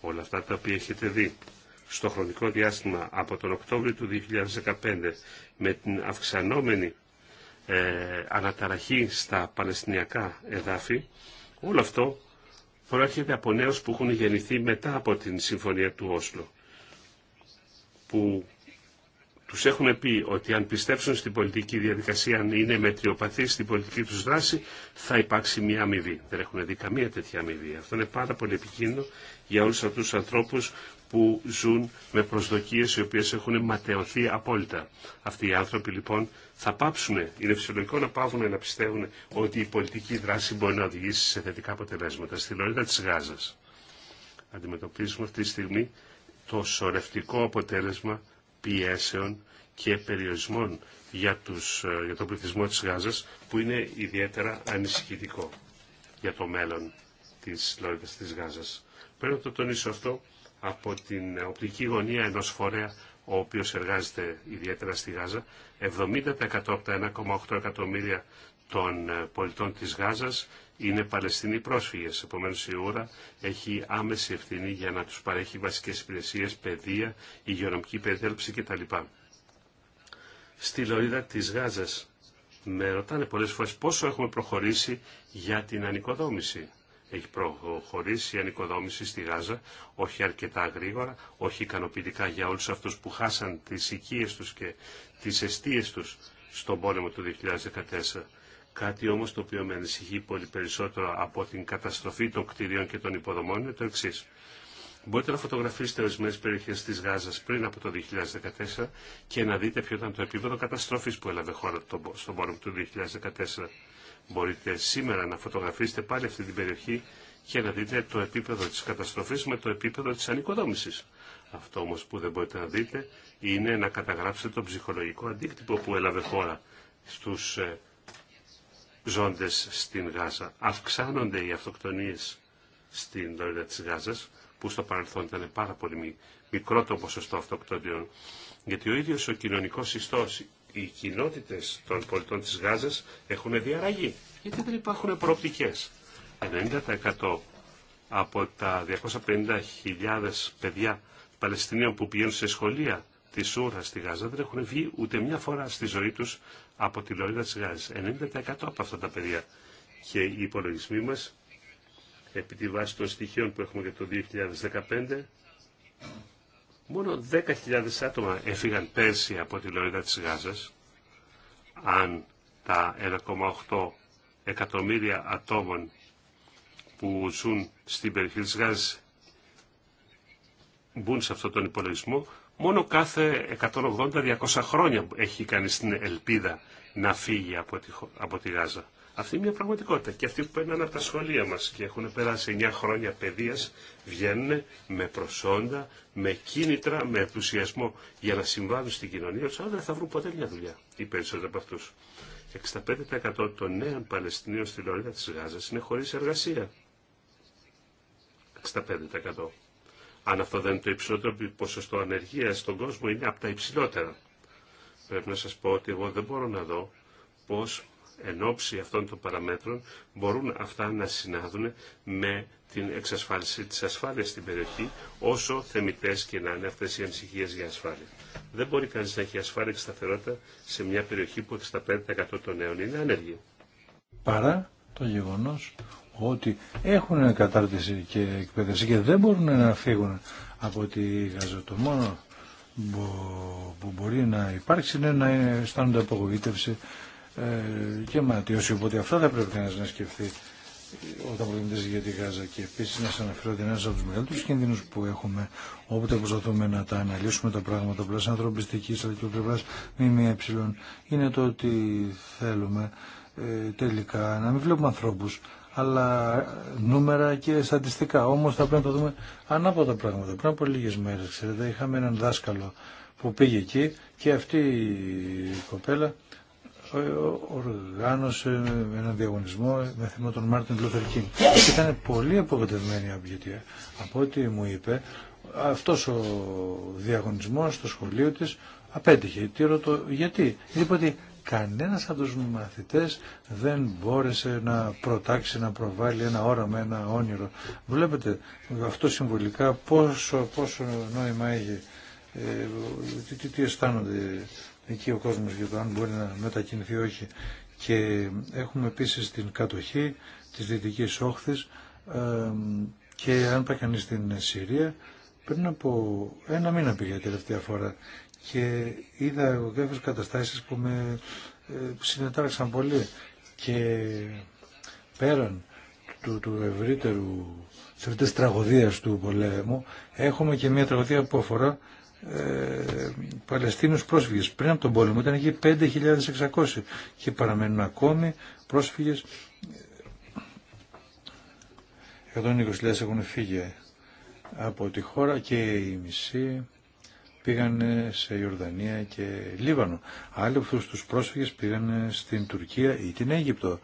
Όλα αυτά τα οποία έχετε δει στο χρονικό διάστημα από τον Οκτώβριο του 2015 με την αυξανόμενη ε, αναταραχή στα Παλαιστινιακά εδάφη, όλο αυτό προέρχεται από νέους που έχουν γεννηθεί μετά από την Συμφωνία του Όσλο, που τους έχουν πει ότι αν πιστέψουν στην πολιτική διαδικασία, αν είναι μετριοπαθείς στην πολιτική τους δράση, θα υπάρξει μια αμοιβή. Δεν έχουν δει καμία τέτοια αμοιβή. Αυτό είναι πάρα πολύ επικίνδυνο για όλους αυτούς τους ανθρώπους που ζουν με προσδοκίες οι οποίες έχουν ματαιωθεί απόλυτα. Αυτοί οι άνθρωποι λοιπόν θα πάψουν, είναι φυσιολογικό να πάβουν να πιστεύουν ότι η πολιτική δράση μπορεί να οδηγήσει σε θετικά αποτελέσματα. Στη λωρίδα της Γάζας αντιμετωπίζουμε αυτή τη στιγμή το σορευτικό αποτέλεσμα πιέσεων και περιορισμών για, τους, ε, για τον πληθυσμό της Γάζας που είναι ιδιαίτερα ανησυχητικό για το μέλλον της Λόριδας της Γάζας. Πρέπει να το τονίσω αυτό από την οπτική γωνία ενός φορέα ο οποίος εργάζεται ιδιαίτερα στη Γάζα. 70% από τα 1,8 εκατομμύρια των ε, πολιτών της Γάζας είναι Παλαιστινοί πρόσφυγες. Επομένως η ώρα έχει άμεση ευθύνη για να τους παρέχει βασικές υπηρεσίες, παιδεία, υγειονομική περιθέλψη κτλ. Στη λωρίδα της Γάζας με ρωτάνε πολλές φορές πόσο έχουμε προχωρήσει για την ανοικοδόμηση. Έχει προχωρήσει η ανοικοδόμηση στη Γάζα, όχι αρκετά γρήγορα, όχι ικανοποιητικά για όλους αυτούς που χάσαν τις οικίες τους και τις αιστείες τους στον πόλεμο του 2014. Κάτι όμως το οποίο με ανησυχεί πολύ περισσότερο από την καταστροφή των κτηρίων και των υποδομών είναι το εξή. Μπορείτε να φωτογραφίσετε ορισμένε περιοχέ τη Γάζα πριν από το 2014 και να δείτε ποιο ήταν το επίπεδο καταστροφή που έλαβε χώρα στον πόνο του 2014. Μπορείτε σήμερα να φωτογραφίσετε πάλι αυτή την περιοχή και να δείτε το επίπεδο της καταστροφής με το επίπεδο της ανοικοδόμησης. Αυτό όμως που δεν μπορείτε να δείτε είναι να καταγράψετε τον ψυχολογικό αντίκτυπο που έλαβε χώρα στους ε, ζώντες στην Γάζα. Αυξάνονται οι αυτοκτονίες στην λόγια της Γάζας, που στο παρελθόν ήταν πάρα πολύ μικρό το ποσοστό αυτοκτονιών, γιατί ο ίδιος ο κοινωνικός ιστός, οι κοινότητες των πολιτών της Γάζας έχουν διαραγεί, γιατί δεν υπάρχουν προοπτικές. 90% από τα 250.000 παιδιά Παλαιστινίων που πηγαίνουν σε σχολεία τη Σούρα στη Γάζα δεν έχουν βγει ούτε μια φορά στη ζωή του από τη λωρίδα τη γάζα. 90% από αυτά τα παιδιά. Και οι υπολογισμοί μα, επί τη βάση των στοιχείων που έχουμε για το 2015, μόνο 10.000 άτομα έφυγαν πέρσι από τη λωρίδα τη Γάζας. Αν τα 1,8 εκατομμύρια ατόμων που ζουν στην περιοχή τη Γάζας μπουν σε αυτόν τον υπολογισμό, Μόνο κάθε 180-200 χρόνια έχει κάνει την ελπίδα να φύγει από τη, από τη Γάζα. Αυτή είναι μια πραγματικότητα. Και αυτοί που παίρνουν από τα σχολεία μα και έχουν περάσει 9 χρόνια παιδεία βγαίνουν με προσόντα, με κίνητρα, με ενθουσιασμό για να συμβάλλουν στην κοινωνία του, αλλά δεν θα βρουν ποτέ μια δουλειά οι περισσότεροι από αυτού. 65% των νέων Παλαιστινίων στη Λωρίδα τη Γάζα είναι χωρί εργασία. 65% αν αυτό δεν είναι το υψηλότερο ποσοστό ανεργία στον κόσμο, είναι από τα υψηλότερα. Πρέπει να σας πω ότι εγώ δεν μπορώ να δω πώς εν ώψη αυτών των παραμέτρων μπορούν αυτά να συνάδουν με την εξασφάλιση της ασφάλειας στην περιοχή, όσο θεμητές και να είναι αυτές οι ανησυχίες για ασφάλεια. Δεν μπορεί κανείς να έχει ασφάλεια και σταθερότητα σε μια περιοχή που 65% των νέων είναι άνεργοι. Παρά το γεγονός ότι έχουν κατάρτιση και εκπαίδευση και δεν μπορούν να φύγουν από τη Γάζα. Το μόνο που μπορεί να υπάρξει είναι να αισθάνονται απογοήτευση ε, και ματίωση. Οπότε αυτά θα πρέπει να σκεφτεί όταν προβληματίζει για τη Γάζα και επίση να σα αναφέρω ότι ένα από του μεγαλύτερου κινδύνου που έχουμε όποτε προσπαθούμε να τα αναλύσουμε τα πράγματα από πλευρά ανθρωπιστική αλλά και πλευρά είναι το ότι θέλουμε ε, τελικά να μην βλέπουμε ανθρώπου αλλά νούμερα και στατιστικά. Όμως θα πρέπει να το δούμε ανάποδα πράγματα. Πριν από λίγες μέρες, ξέρετε, είχαμε έναν δάσκαλο που πήγε εκεί και αυτή η κοπέλα ε, οργάνωσε έναν διαγωνισμό με θέμα τον Μάρτιν Λούθερ Κίνγκ. Ήταν πολύ απογοητευμένη από γιατί από ό,τι μου είπε αυτός ο διαγωνισμός στο σχολείο της απέτυχε. Τι ρωτώ γιατί. Γιατί κανένας από τους μαθητές δεν μπόρεσε να προτάξει, να προβάλλει ένα όραμα, ένα όνειρο. Βλέπετε αυτό συμβολικά πόσο, πόσο νόημα έχει, ε, τι, τι, τι αισθάνονται εκεί ο κόσμος για το αν μπορεί να μετακινηθεί όχι. Και έχουμε επίσης την κατοχή της Δυτικής Όχθης ε, και αν πάει κανείς στην Συρία, πριν από ένα μήνα πήγε τελευταία φορά και είδα εγώ διάφορες καταστάσεις που με ε, συνετάραξαν πολύ και πέραν του, του ευρύτερου της τραγωδίας του πολέμου έχουμε και μια τραγωδία που αφορά ε, Παλαιστίνους πρόσφυγες. Πριν από τον πόλεμο ήταν εκεί 5.600 και παραμένουν ακόμη πρόσφυγες 120.000 έχουν φύγει από τη χώρα και η μισή πήγαν σε Ιορδανία και Λίβανο. Άλλοι από αυτούς τους πρόσφυγες πήγαν στην Τουρκία ή την Αίγυπτο.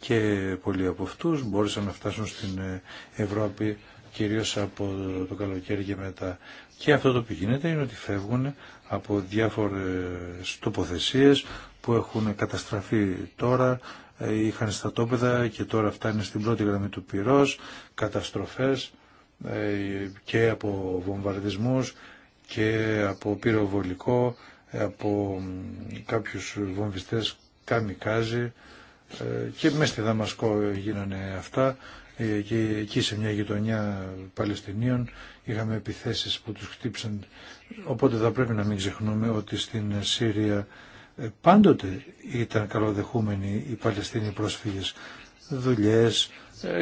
Και πολλοί από αυτούς μπόρεσαν να φτάσουν στην ε, Ευρώπη κυρίως από το καλοκαίρι και μετά. Και αυτό το που γίνεται είναι ότι φεύγουν από διάφορες τοποθεσίες που έχουν καταστραφεί τώρα, ε, είχαν στατόπεδα και τώρα φτάνουν στην πρώτη γραμμή του πυρός, καταστροφές ε, και από βομβαρδισμούς και από πυροβολικό, από κάποιους βομβιστές καμικάζι ε, και μέσα στη Δαμασκό γίνανε αυτά ε, και εκεί σε μια γειτονιά Παλαιστινίων είχαμε επιθέσεις που τους χτύπησαν, οπότε θα πρέπει να μην ξεχνούμε ότι στην Σύρια ε, πάντοτε ήταν καλοδεχούμενοι οι Παλαιστίνοι πρόσφυγες δουλειές,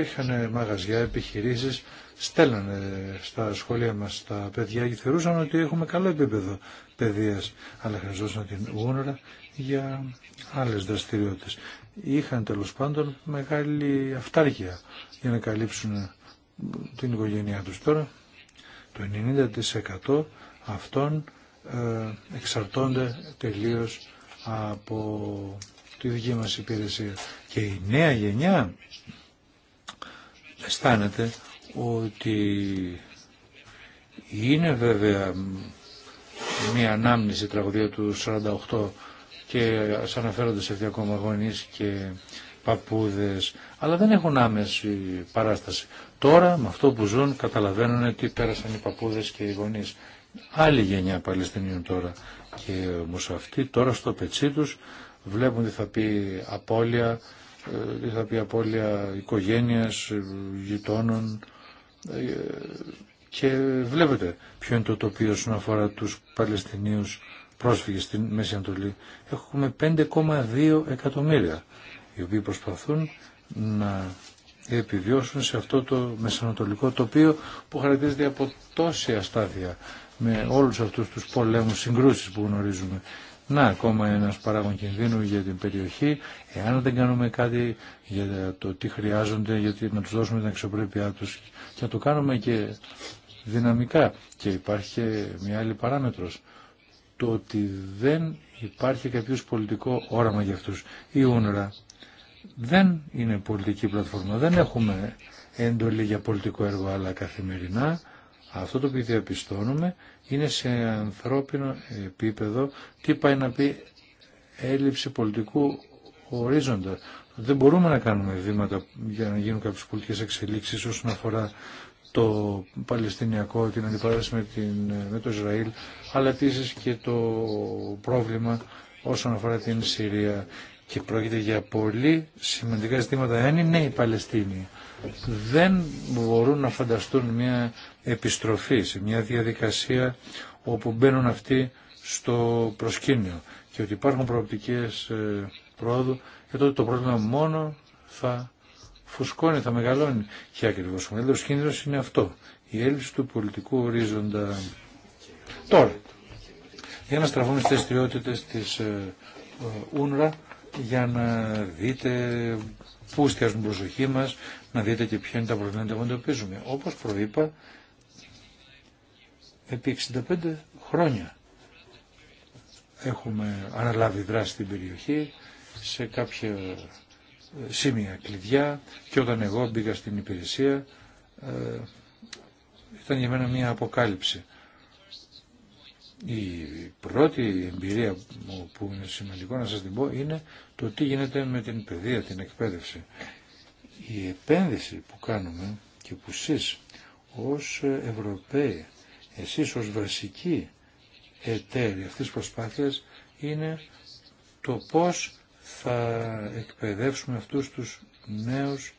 είχαν μαγαζιά, επιχειρήσεις στέλνανε στα σχολεία μας τα παιδιά και θεωρούσαν ότι έχουμε καλό επίπεδο παιδείας, αλλά χρειαζόταν την γόνορα για άλλες δραστηριότητες. Είχαν τέλο πάντων μεγάλη αυτάρκεια για να καλύψουν την οικογένειά τους. Τώρα το 90% αυτών ε, εξαρτώνται τελείως από τη δική μας υπηρεσία. Και η νέα γενιά αισθάνεται ότι είναι βέβαια μια ανάμνηση τραγωδία του 48 και ας αναφέρονται σε αυτή ακόμα γονείς και παπούδες, αλλά δεν έχουν άμεση παράσταση. Τώρα με αυτό που ζουν καταλαβαίνουν τι πέρασαν οι παππούδες και οι γονείς. Άλλη γενιά Παλαιστινίων τώρα και όμως αυτοί τώρα στο πετσί τους βλέπουν τι θα πει απώλεια, ε, τι θα πει απώλεια οικογένειας, ε, γειτόνων, ε, και βλέπετε ποιο είναι το τοπίο όσον αφορά τους Παλαιστινίους πρόσφυγες στην Μέση Ανατολή. Έχουμε 5,2 εκατομμύρια οι οποίοι προσπαθούν να επιβιώσουν σε αυτό το μεσανατολικό τοπίο που χαρακτηρίζεται από τόση αστάθεια με όλους αυτούς τους πολέμους, συγκρούσεις που γνωρίζουμε. Να, ακόμα ένας παράγον κινδύνου για την περιοχή, εάν δεν κάνουμε κάτι για το τι χρειάζονται, γιατί να τους δώσουμε την αξιοπρέπειά τους και να το κάνουμε και δυναμικά. Και υπάρχει και μια άλλη παράμετρος, το ότι δεν υπάρχει κάποιο πολιτικό όραμα για αυτούς. Η ούνρα δεν είναι πολιτική πλατφόρμα, δεν έχουμε έντολη για πολιτικό έργο, αλλά καθημερινά αυτό το οποίο διαπιστώνουμε είναι σε ανθρώπινο επίπεδο τι πάει να πει έλλειψη πολιτικού ορίζοντα. Δεν μπορούμε να κάνουμε βήματα για να γίνουν κάποιες πολιτικές εξελίξεις όσον αφορά το Παλαιστινιακό, την αντιπαράσταση με, την, με το Ισραήλ, αλλά επίση και το πρόβλημα όσον αφορά την Συρία. Και πρόκειται για πολύ σημαντικά ζητήματα, αν είναι οι Παλαιστίνοι δεν μπορούν να φανταστούν μια επιστροφή σε μια διαδικασία όπου μπαίνουν αυτοί στο προσκήνιο και ότι υπάρχουν προοπτικές ε, πρόοδου και τότε το πρόβλημα μόνο θα φουσκώνει, θα μεγαλώνει. Και ακριβώς ο μεγαλύτερος κίνδυνος είναι αυτό, η έλλειψη του πολιτικού ορίζοντα. Τώρα, για να στραφούμε στις τη της Ούνρα ε, ε, για να δείτε πού στιάζουν προσοχή μας, να δείτε και ποια είναι τα προβλήματα που αντιμετωπίζουμε. Όπως προείπα, επί 65 χρόνια έχουμε αναλάβει δράση στην περιοχή, σε κάποια ε, σημεία κλειδιά και όταν εγώ μπήκα στην υπηρεσία ε, ήταν για μένα μια αποκάλυψη. Η πρώτη εμπειρία μου που είναι σημαντικό να σας την πω είναι το τι γίνεται με την παιδεία, την εκπαίδευση η επένδυση που κάνουμε και που εσείς ως Ευρωπαίοι, εσείς ως βασικοί εταίροι αυτής της προσπάθειας είναι το πώς θα εκπαιδεύσουμε αυτούς τους νέους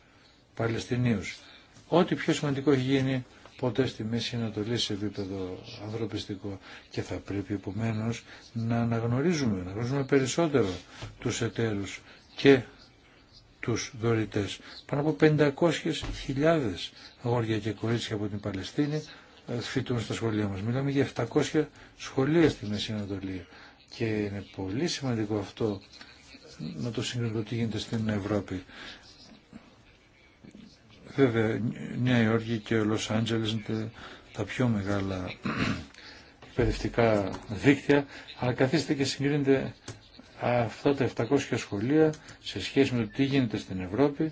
Παλαιστινίους. Ό,τι πιο σημαντικό έχει γίνει ποτέ στη Μέση Ανατολή σε επίπεδο ανθρωπιστικό και θα πρέπει επομένω να αναγνωρίζουμε, να γνωρίζουμε περισσότερο τους εταίρους και τους δωρητές. Πάνω από 500.000 αγόρια και κορίτσια από την Παλαιστίνη ε, φοιτούν στα σχολεία μας. Μιλάμε για 700 σχολεία στη Μέση Ανατολή. Και είναι πολύ σημαντικό αυτό να το συγκρίνουμε τι γίνεται στην Ευρώπη. Βέβαια, Νέα Υόρκη και ο Λος Άντζελες είναι τα πιο μεγάλα εκπαιδευτικά δίκτυα, αλλά καθίστε και συγκρίνετε αυτά τα 700 σχολεία σε σχέση με το τι γίνεται στην Ευρώπη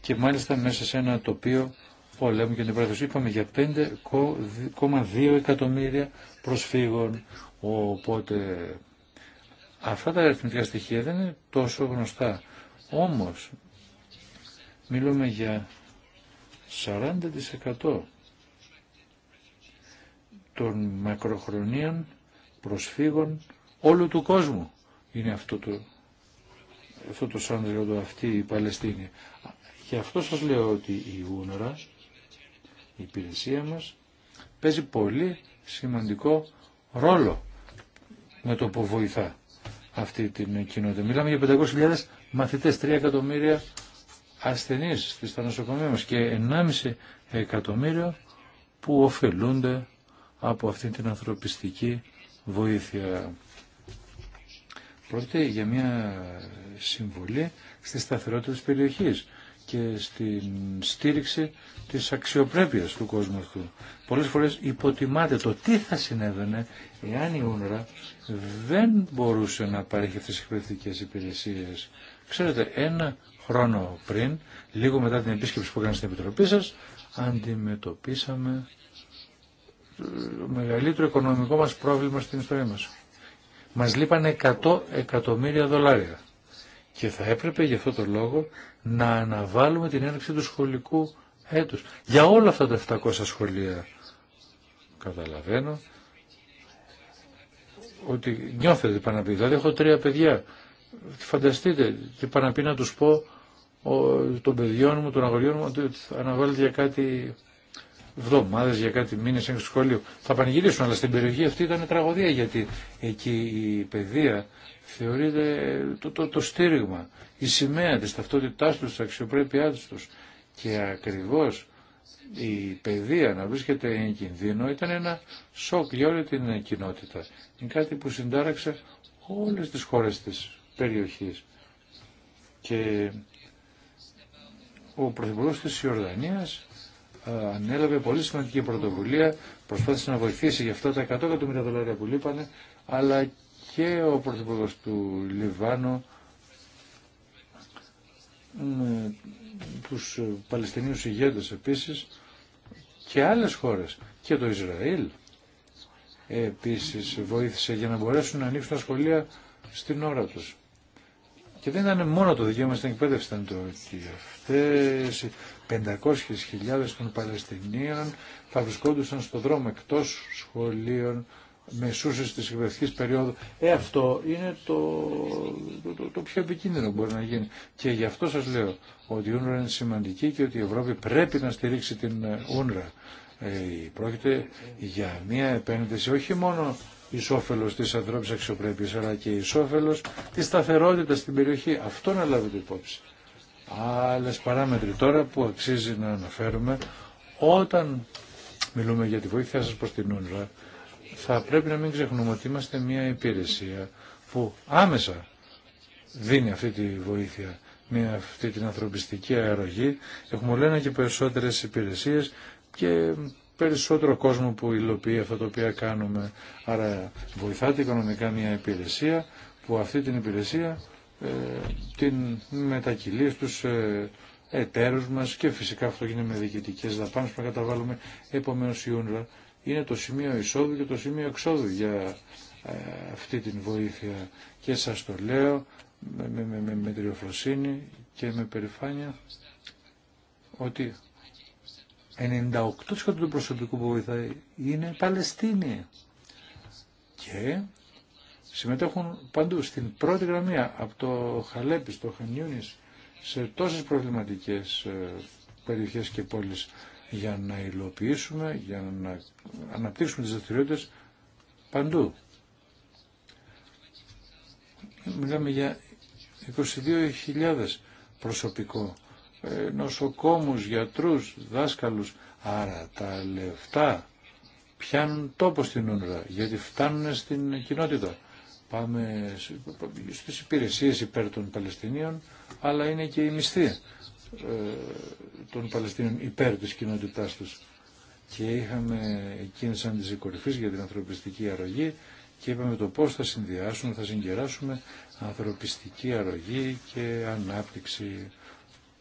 και μάλιστα μέσα σε ένα τοπίο πολέμου και την Είπαμε για 5,2 εκατομμύρια προσφύγων. Οπότε αυτά τα αριθμητικά στοιχεία δεν είναι τόσο γνωστά. Όμως μιλούμε για 40% των μακροχρονίων προσφύγων όλου του κόσμου είναι αυτό το, αυτό το σαν αυτή η Παλαιστίνη. Και αυτό σας λέω ότι η Ούνορα, η υπηρεσία μας, παίζει πολύ σημαντικό ρόλο με το που βοηθά αυτή την κοινότητα. Μιλάμε για 500.000 μαθητές, 3 εκατομμύρια ασθενείς τα νοσοκομεία μας και 1,5 εκατομμύριο που ωφελούνται από αυτή την ανθρωπιστική βοήθεια. Πρόκειται για μια συμβολή στη σταθερότητα της περιοχής και στην στήριξη της αξιοπρέπειας του κόσμου αυτού. Πολλές φορές υποτιμάται το τι θα συνέβαινε εάν η Ούνρα δεν μπορούσε να παρέχει αυτές τις εκπαιδευτικές υπηρεσίες. Ξέρετε, ένα χρόνο πριν, λίγο μετά την επίσκεψη που έκανε στην Επιτροπή σας, αντιμετωπίσαμε το μεγαλύτερο οικονομικό μας πρόβλημα στην ιστορία μας. Μας λείπανε 100 εκατομμύρια δολάρια και θα έπρεπε γι' αυτό το λόγο να αναβάλουμε την έναρξη του σχολικού έτους. Για όλα αυτά τα 700 σχολεία καταλαβαίνω ότι νιώθετε πάνω Δηλαδή έχω τρία παιδιά. Φανταστείτε τι πάνω να τους πω των παιδιών μου, των αγοριών μου ότι αναβάλλεται για κάτι εβδομάδες, για κάτι μήνες του σχολείο. Θα πανηγυρίσουν, αλλά στην περιοχή αυτή ήταν τραγωδία, γιατί εκεί η παιδεία θεωρείται το, το, το στήριγμα, η σημαία της ταυτότητάς τους, τη αξιοπρέπειά τους. Και ακριβώς η παιδεία να βρίσκεται εν κινδύνο ήταν ένα σοκ για όλη την κοινότητα. Είναι κάτι που συντάραξε όλες τις χώρες της περιοχής. Και ο Πρωθυπουργός της Ιορδανίας ε, ανέλαβε πολύ σημαντική πρωτοβουλία, προσπάθησε να βοηθήσει γι' αυτό τα 100 εκατομμύρια δολάρια που λείπανε, αλλά και ο Πρωθυπουργό του Λιβάνου τους Παλαιστινίους ηγέτες επίσης και άλλες χώρες και το Ισραήλ επίσης βοήθησε για να μπορέσουν να ανοίξουν τα σχολεία στην ώρα τους. Και δεν ήταν μόνο το δικαίωμα στην εκπαίδευση, ήταν το ότι οι 500.000 των Παλαιστινίων θα βρισκόντουσαν στον δρόμο εκτό σχολείων μεσούσε τη εκπαιδευτικής περίοδου. Ε, αυτό είναι το, το, πιο επικίνδυνο που μπορεί να γίνει. Και γι' αυτό σα λέω ότι η UNRWA είναι σημαντική και ότι η Ευρώπη πρέπει να στηρίξει την ε, UNRWA. Ε, πρόκειται για μια επένδυση όχι μόνο Ισόφελος τη της αξιοπρέπεια, αλλά και ισόφελος τη σταθερότητα στην περιοχή. Αυτό να λάβετε υπόψη. Άλλες παράμετροι τώρα που αξίζει να αναφέρουμε όταν μιλούμε για τη βοήθεια σα προ την Ούλρα θα πρέπει να μην ξεχνούμε ότι είμαστε μια υπηρεσία που άμεσα δίνει αυτή τη βοήθεια με αυτή την ανθρωπιστική αερογή. Έχουμε όλο και περισσότερες υπηρεσίες και περισσότερο κόσμο που υλοποιεί αυτά τα οποία κάνουμε. Άρα βοηθάται οικονομικά μια υπηρεσία που αυτή την υπηρεσία ε, την μετακυλεί στους ε, εταίρους μας και φυσικά αυτό γίνεται με διοικητικές δαπάνες που καταβάλουμε. Επομένως η είναι το σημείο εισόδου και το σημείο εξόδου για ε, αυτή την βοήθεια και σας το λέω με, με, με τριοφροσύνη και με περηφάνεια ότι 98% του προσωπικού που βοηθάει είναι Παλαιστίνοι. Και συμμετέχουν παντού, στην πρώτη γραμμή, από το Χαλέπι, στο Χανιούνις, σε τόσες προβληματικές ε, περιοχές και πόλεις, για να υλοποιήσουμε, για να αναπτύξουμε τις δραστηριότητε παντού. Μιλάμε για 22.000 προσωπικό ε, νοσοκόμους, γιατρούς, δάσκαλους. Άρα τα λεφτά πιάνουν τόπο στην ούνρα γιατί φτάνουν στην κοινότητα. Πάμε στις υπηρεσίες υπέρ των Παλαιστινίων, αλλά είναι και η μισθή ε, των Παλαιστινίων υπέρ της κοινότητάς τους. Και είχαμε εκείνη σαν τις κορυφής για την ανθρωπιστική αρρωγή και είπαμε το πώς θα συνδυάσουμε, θα συγκεράσουμε ανθρωπιστική αρρωγή και ανάπτυξη.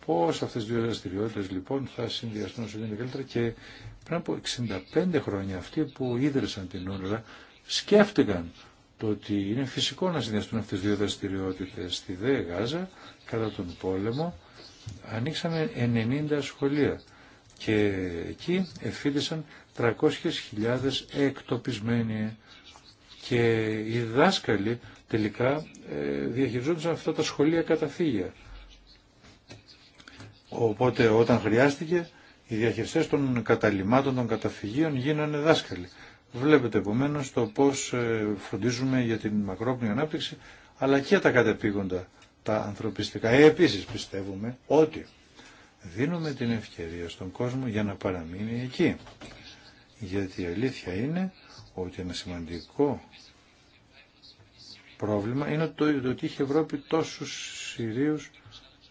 Πώς αυτές οι δύο δραστηριότητες λοιπόν θα συνδυαστούν όσο γίνεται καλύτερα και πριν από 65 χρόνια αυτοί που ίδρυσαν την UNRWA σκέφτηκαν το ότι είναι φυσικό να συνδυαστούν αυτές οι δύο δραστηριότητες στη ΔΕ Γάζα κατά τον πόλεμο ανοίξαμε 90 σχολεία και εκεί εφήλισαν 300.000 εκτοπισμένοι και οι δάσκαλοι τελικά ε, διαχειριζόντουσαν αυτά τα σχολεία καταφύγια. Οπότε όταν χρειάστηκε οι διαχειριστές των καταλημάτων, των καταφυγίων γίνανε δάσκαλοι. Βλέπετε επομένω το πώς ε, φροντίζουμε για την μακρόπνοη ανάπτυξη αλλά και τα κατεπήγοντα τα ανθρωπιστικά. Ε, επίσης πιστεύουμε ότι δίνουμε την ευκαιρία στον κόσμο για να παραμείνει εκεί. Γιατί η αλήθεια είναι ότι ένα σημαντικό πρόβλημα είναι το, ότι είχε Ευρώπη τόσους Συρίους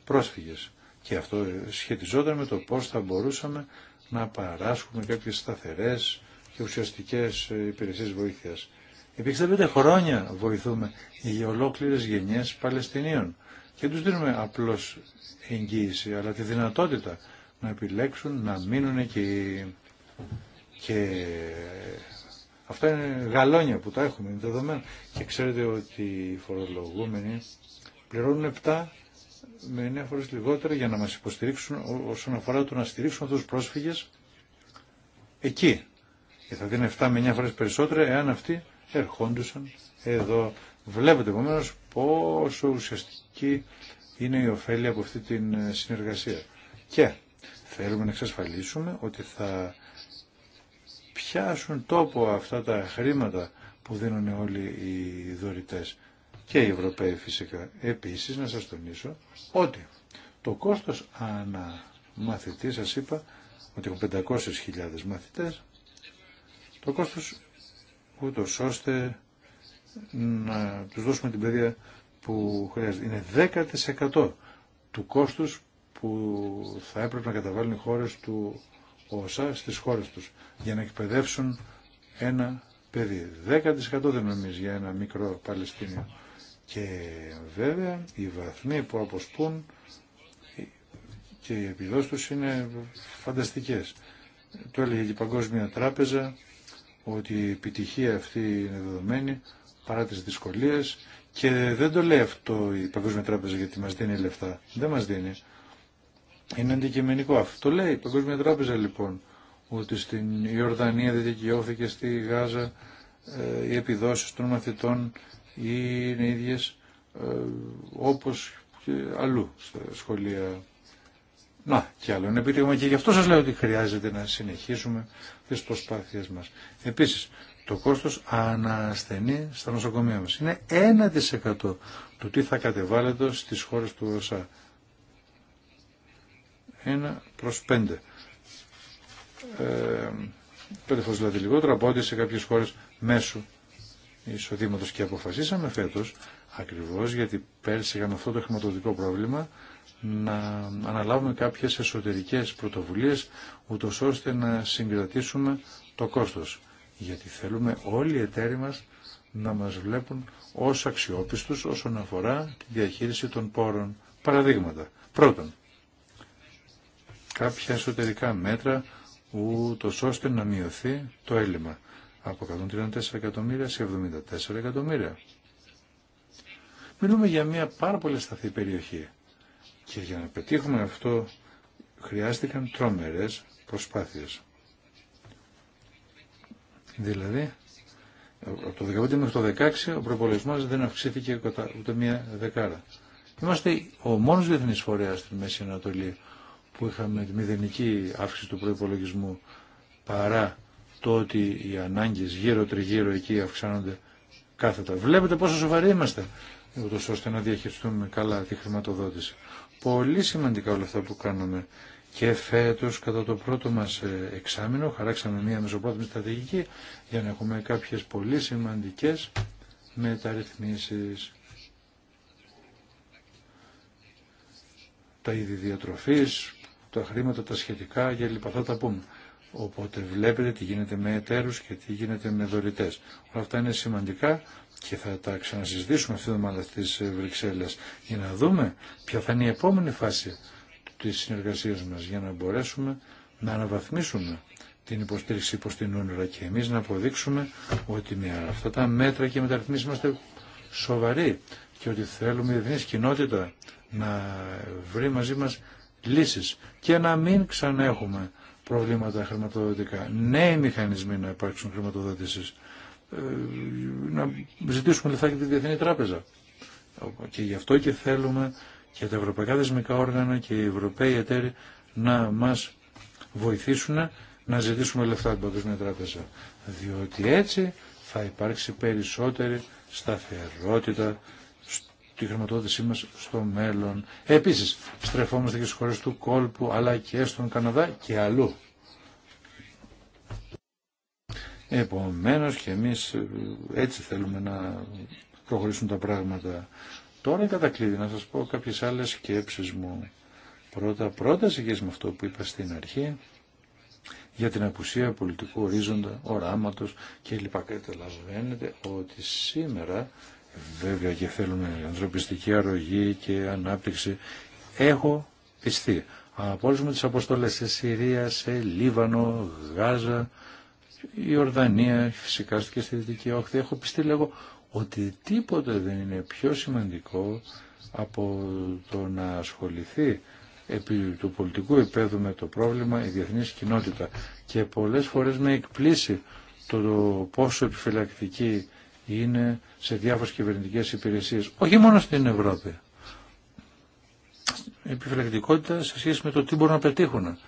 πρόσφυγες. Και αυτό σχετιζόταν με το πώς θα μπορούσαμε να παράσχουμε κάποιες σταθερές και ουσιαστικές υπηρεσίες βοήθειας. Επί πέντε χρόνια βοηθούμε για ολόκληρες γενιές Παλαιστινίων και τους δίνουμε απλώς εγγύηση, αλλά τη δυνατότητα να επιλέξουν να μείνουν εκεί. Και αυτά είναι γαλόνια που τα έχουμε, είναι δεδομένα. Και ξέρετε ότι οι φορολογούμενοι πληρώνουν με 9 φορές λιγότερα για να μας υποστηρίξουν όσον αφορά το να στηρίξουν αυτούς τους πρόσφυγες εκεί. Και θα δίνουν 7 με 9 φορές περισσότερα εάν αυτοί ερχόντουσαν εδώ. Βλέπετε επομένω πόσο ουσιαστική είναι η ωφέλεια από αυτή την ε, συνεργασία. Και θέλουμε να εξασφαλίσουμε ότι θα πιάσουν τόπο αυτά τα χρήματα που δίνουν όλοι οι δωρητές και οι Ευρωπαίοι φυσικά. Επίσης να σας τονίσω ότι το κόστος ανά μαθητή σας είπα ότι έχουν 500.000 μαθητές το κόστος ούτω ώστε να τους δώσουμε την παιδεία που χρειάζεται. Είναι 10% του κόστους που θα έπρεπε να καταβάλουν οι χώρες του ΟΣΑ στις χώρες τους για να εκπαιδεύσουν ένα παιδί. 10% δεν νομίζει για ένα μικρό Παλαιστίνιο και βέβαια οι βαθμοί που αποσπούν και οι επιδόσεις τους είναι φανταστικές. Το έλεγε και η Παγκόσμια Τράπεζα ότι η επιτυχία αυτή είναι δεδομένη παρά τις δυσκολίες και δεν το λέει αυτό η Παγκόσμια Τράπεζα γιατί μας δίνει λεφτά. Δεν μας δίνει. Είναι αντικειμενικό αυτό. Το λέει η Παγκόσμια Τράπεζα λοιπόν ότι στην Ιορδανία δεν δικαιώθηκε στη Γάζα ε, οι επιδόσεις των μαθητών είναι ίδιες ε, όπως και αλλού στα σχολεία. Να, και άλλο είναι επίτευγμα και γι' αυτό σας λέω ότι χρειάζεται να συνεχίσουμε τις προσπάθειες μας. Επίσης, το κόστος ανασθενεί στα νοσοκομεία μας. Είναι 1% του τι θα κατεβάλλεται στις χώρες του ΩΣΑ. 1 προς 5. Ε, πέντε φορές δηλαδή λιγότερο από ό,τι σε κάποιες χώρες μέσου και αποφασίσαμε φέτος, ακριβώς γιατί πέρσι είχαμε αυτό το χρηματοδοτικό πρόβλημα, να αναλάβουμε κάποιες εσωτερικές πρωτοβουλίες, ούτω ώστε να συγκρατήσουμε το κόστος. Γιατί θέλουμε όλοι οι εταίροι μας να μας βλέπουν ω αξιόπιστους όσον αφορά τη διαχείριση των πόρων. Παραδείγματα. Πρώτον, κάποια εσωτερικά μέτρα ούτω ώστε να μειωθεί το έλλειμμα από 134 εκατομμύρια σε 74 εκατομμύρια. Μιλούμε για μια πάρα πολύ σταθή περιοχή και για να πετύχουμε αυτό χρειάστηκαν τρόμερες προσπάθειες. Δηλαδή, από το 2015 μέχρι το 2016 ο προπολογισμό δεν αυξήθηκε ούτε μία δεκάρα. Είμαστε ο μόνο διεθνή φορέα στη Μέση Ανατολή που είχαμε τη μηδενική αύξηση του προπολογισμού παρά το ότι οι ανάγκες γύρω τριγύρω εκεί αυξάνονται κάθετα. Βλέπετε πόσο σοβαροί είμαστε, ούτως ώστε να διαχειριστούμε καλά τη χρηματοδότηση. Πολύ σημαντικά όλα αυτά που κάνουμε. Και φέτος κατά το πρώτο μας ε, εξάμεινο χαράξαμε μια μεσοπρόθεσμη στρατηγική για να έχουμε κάποιες πολύ σημαντικές μεταρρυθμίσεις. Τα είδη διατροφής, τα χρήματα, τα σχετικά κλπ. Θα τα πούμε. Οπότε βλέπετε τι γίνεται με εταίρου και τι γίνεται με δωρητέ. Όλα αυτά είναι σημαντικά και θα τα ξανασυζητήσουμε αυτή τη εβδομάδα για να δούμε ποια θα είναι η επόμενη φάση τη συνεργασία μα για να μπορέσουμε να αναβαθμίσουμε την υποστήριξη προ την Όνειρα και εμεί να αποδείξουμε ότι με αυτά τα μέτρα και μεταρρυθμίσει είμαστε σοβαροί και ότι θέλουμε η διεθνή κοινότητα να βρει μαζί μα λύσει και να μην ξανά έχουμε προβλήματα χρηματοδοτικά. Νέοι μηχανισμοί να υπάρξουν χρηματοδότηση. Ε, να ζητήσουμε λεφτά και τη Διεθνή Τράπεζα. Και γι' αυτό και θέλουμε και τα ευρωπαϊκά δεσμικά όργανα και οι ευρωπαίοι εταίροι να μα βοηθήσουν να ζητήσουμε λεφτά την Παγκόσμια Τράπεζα. Διότι έτσι θα υπάρξει περισσότερη σταθερότητα τη χρηματοδότησή μας στο μέλλον. Επίσης, στρεφόμαστε και στις χώρες του κόλπου, αλλά και στον Καναδά και αλλού. Επομένως και εμείς ε, έτσι θέλουμε να προχωρήσουν τα πράγματα. Τώρα κατακλείδη να σας πω κάποιες άλλες σκέψεις μου. Πρώτα, πρώτα σε με αυτό που είπα στην αρχή για την απουσία πολιτικού ορίζοντα, οράματος και λοιπά. Καταλαβαίνετε ότι σήμερα βέβαια και θέλουμε ανθρωπιστική αρρωγή και ανάπτυξη. Έχω πιστεί από όλες μου τις αποστολές σε Συρία, σε Λίβανο, Γάζα, η Ορδανία, φυσικά και στη Δυτική Όχθη, έχω πιστεί λέγω ότι τίποτε δεν είναι πιο σημαντικό από το να ασχοληθεί επί του πολιτικού επέδου με το πρόβλημα η διεθνής κοινότητα. Και πολλές φορές με εκπλήσει το πόσο επιφυλακτική είναι σε διάφορες κυβερνητικές υπηρεσίες, όχι μόνο στην Ευρώπη. Επιφυλακτικότητα σε σχέση με το τι μπορούν να πετύχουν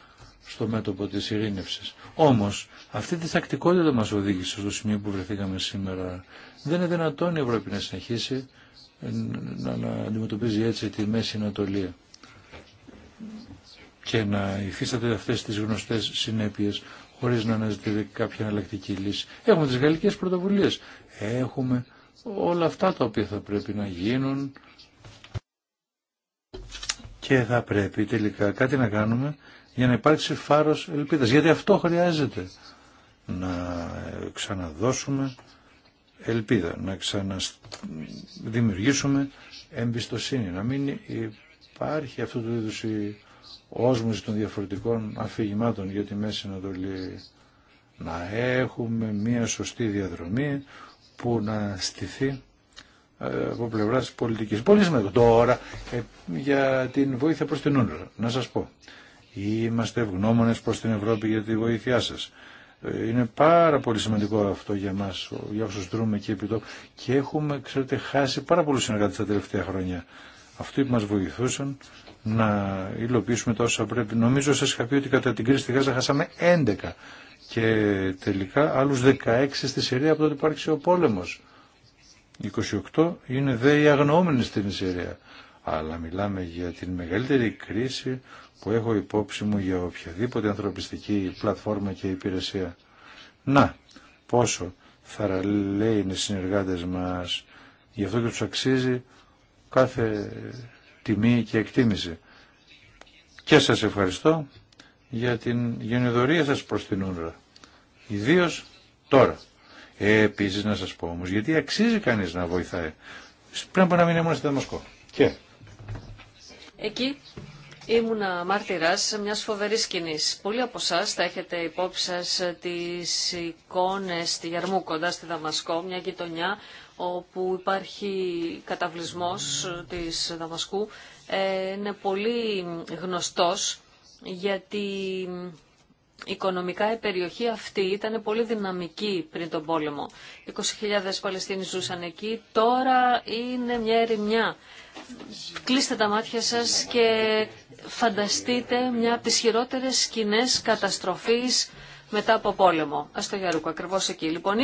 στο μέτωπο της ειρήνευσης. Όμως, αυτή τη τακτικότητα μας οδήγησε στο σημείο που βρεθήκαμε σήμερα. Δεν είναι δυνατόν η Ευρώπη να συνεχίσει να, αντιμετωπίζει έτσι τη Μέση Ανατολία και να υφίσταται αυτές τις γνωστές συνέπειες χωρίς να αναζητείται κάποια εναλλακτική λύση. Έχουμε τις γαλλικέ πρωτοβουλίε. Έχουμε όλα αυτά τα οποία θα πρέπει να γίνουν και θα πρέπει τελικά κάτι να κάνουμε για να υπάρξει φάρος ελπίδας. Γιατί αυτό χρειάζεται. Να ξαναδώσουμε ελπίδα, να ξαναδημιουργήσουμε εμπιστοσύνη, να μην υπάρχει αυτού του είδους όσμωση των διαφορετικών αφηγημάτων για τη Μέση Ανατολή. Να έχουμε μια σωστή διαδρομή που να στηθεί ε, από πλευρά τη πολιτική. Πολύ σημαντικό. Τώρα, ε, για την βοήθεια προ την Ούνρα, να σα πω. Είμαστε ευγνώμονε προ την Ευρώπη για τη βοήθειά σα. Ε, είναι πάρα πολύ σημαντικό αυτό για μα, για όσου δρούμε εκεί επί Και έχουμε, ξέρετε, χάσει πάρα πολλού συνεργάτε τα τελευταία χρόνια. Αυτοί που μα βοηθούσαν να υλοποιήσουμε τα όσα πρέπει. Νομίζω σας είχα πει ότι κατά την κρίση στη Γάζα χάσαμε 11 και τελικά άλλους 16 στη Συρία από τότε υπάρξει ο πόλεμος. 28 είναι δε οι αγνοούμενοι στην Συρία. Αλλά μιλάμε για την μεγαλύτερη κρίση που έχω υπόψη μου για οποιαδήποτε ανθρωπιστική πλατφόρμα και υπηρεσία. Να, πόσο θαραλέοι είναι οι συνεργάτες μας. Γι' αυτό και τους αξίζει κάθε τιμή και εκτίμηση. Και σας ευχαριστώ για την γενιοδορία σας προς την ούρα. Ιδίως τώρα. Ε, επίσης να σας πω όμως, γιατί αξίζει κανείς να βοηθάει. Πριν από ένα μήνα ήμουν στη Δαμασκό. Και... Εκεί ήμουνα μάρτυρας μιας φοβερής σκηνή. Πολλοί από εσά θα έχετε υπόψη σα τις εικόνες στη Γερμού κοντά στη Δαμασκό, μια γειτονιά όπου υπάρχει καταβλισμός της Δαμασκού ε, είναι πολύ γνωστός γιατί οικονομικά η περιοχή αυτή ήταν πολύ δυναμική πριν τον πόλεμο. 20.000 Παλαιστίνοι ζούσαν εκεί, τώρα είναι μια ερημιά. Κλείστε τα μάτια σας και φανταστείτε μια από τις χειρότερες σκηνές καταστροφής μετά από πόλεμο, στο Γιαρούκο, ακριβώ εκεί. Λοιπόν,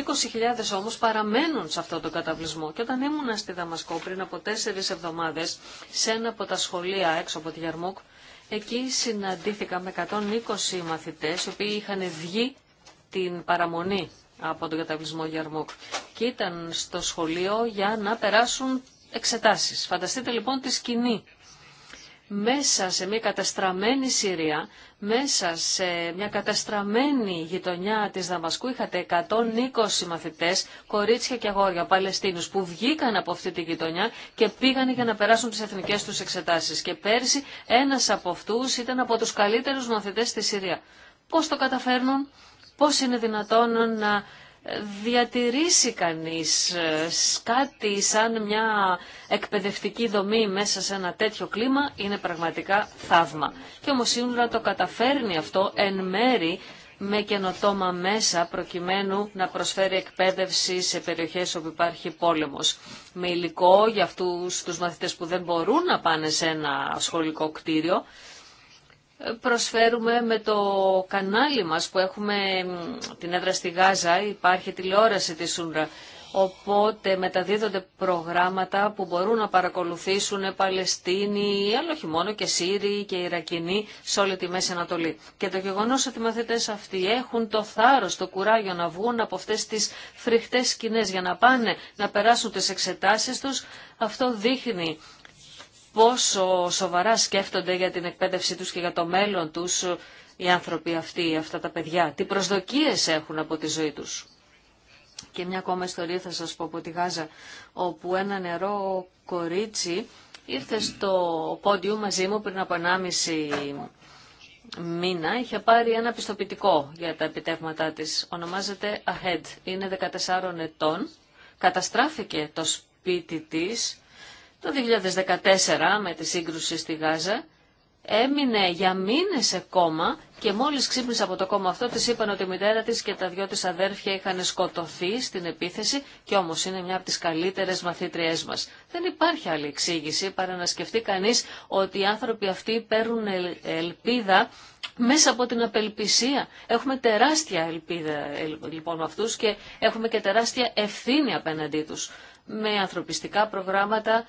20.000 όμω παραμένουν σε αυτό το καταβλισμό. Και όταν ήμουν στη Δαμασκό πριν από τέσσερι εβδομάδες, σε ένα από τα σχολεία έξω από τη Γιαρμούκ, εκεί συναντήθηκα με 120 μαθητές, οι οποίοι είχαν βγει την παραμονή από τον καταβλισμό Γιαρμούκ και ήταν στο σχολείο για να περάσουν εξετάσεις. Φανταστείτε λοιπόν τη σκηνή μέσα σε μια καταστραμμένη Συρία, μέσα σε μια καταστραμμένη γειτονιά της Δαμασκού είχατε 120 μαθητές, κορίτσια και αγόρια, Παλαιστίνους που βγήκαν από αυτή τη γειτονιά και πήγαν για να περάσουν τις εθνικές τους εξετάσεις. Και πέρσι ένας από αυτούς ήταν από τους καλύτερους μαθητές στη Συρία. Πώς το καταφέρνουν, πώς είναι δυνατόν να διατηρήσει κανείς ε, κάτι σαν μια εκπαιδευτική δομή μέσα σε ένα τέτοιο κλίμα είναι πραγματικά θαύμα. Και όμως σύνολα το καταφέρνει αυτό εν μέρη με καινοτόμα μέσα προκειμένου να προσφέρει εκπαίδευση σε περιοχές όπου υπάρχει πόλεμος. Με υλικό για αυτούς τους μαθητές που δεν μπορούν να πάνε σε ένα σχολικό κτίριο προσφέρουμε με το κανάλι μας που έχουμε την έδρα στη Γάζα, υπάρχει τηλεόραση της Σούνρα. Οπότε μεταδίδονται προγράμματα που μπορούν να παρακολουθήσουν Παλαιστίνοι, αλλά όχι μόνο και Σύριοι και Ιρακινοί σε όλη τη Μέση Ανατολή. Και το γεγονός ότι οι μαθητές αυτοί έχουν το θάρρος, το κουράγιο να βγουν από αυτές τις φρικτές σκηνές για να πάνε να περάσουν τις εξετάσεις τους, αυτό δείχνει πόσο σοβαρά σκέφτονται για την εκπαίδευσή τους και για το μέλλον τους οι άνθρωποι αυτοί, αυτά τα παιδιά. Τι προσδοκίες έχουν από τη ζωή τους. Και μια ακόμα ιστορία θα σας πω από τη Γάζα, όπου ένα νερό κορίτσι ήρθε στο πόντιου μαζί μου πριν από 1,5 μήνα είχε πάρει ένα πιστοποιητικό για τα επιτεύγματά της. Ονομάζεται AHEAD. Είναι 14 ετών. Καταστράφηκε το σπίτι της το 2014 με τη σύγκρουση στη Γάζα έμεινε για μήνες σε κόμμα και μόλις ξύπνησε από το κόμμα αυτό της είπαν ότι η μητέρα της και τα δυο της αδέρφια είχαν σκοτωθεί στην επίθεση και όμως είναι μια από τις καλύτερες μαθήτριές μας. Δεν υπάρχει άλλη εξήγηση παρά να σκεφτεί κανείς ότι οι άνθρωποι αυτοί παίρνουν ελπίδα μέσα από την απελπισία. Έχουμε τεράστια ελπίδα λοιπόν με αυτούς και έχουμε και τεράστια ευθύνη απέναντί τους με ανθρωπιστικά προγράμματα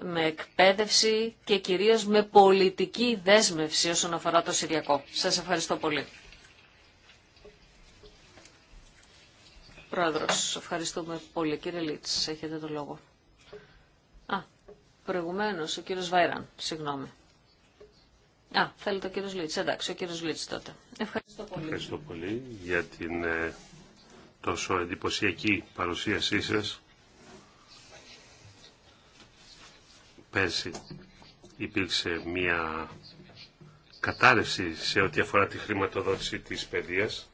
με εκπαίδευση και κυρίως με πολιτική δέσμευση όσον αφορά το Συριακό. Σας ευχαριστώ πολύ. Πρόεδρος, ευχαριστούμε πολύ. Κύριε Λίτς, έχετε το λόγο. Α, προηγουμένως ο κύριος Βαϊράν, συγγνώμη. Α, θέλετε ο κύριος Λίτς, εντάξει, ο κύριος Λίτς τότε. Ευχαριστώ πολύ. Ευχαριστώ πολύ για την ε, τόσο εντυπωσιακή παρουσίασή σας πέρσι υπήρξε μια κατάρρευση σε ό,τι αφορά τη χρηματοδότηση της παιδείας.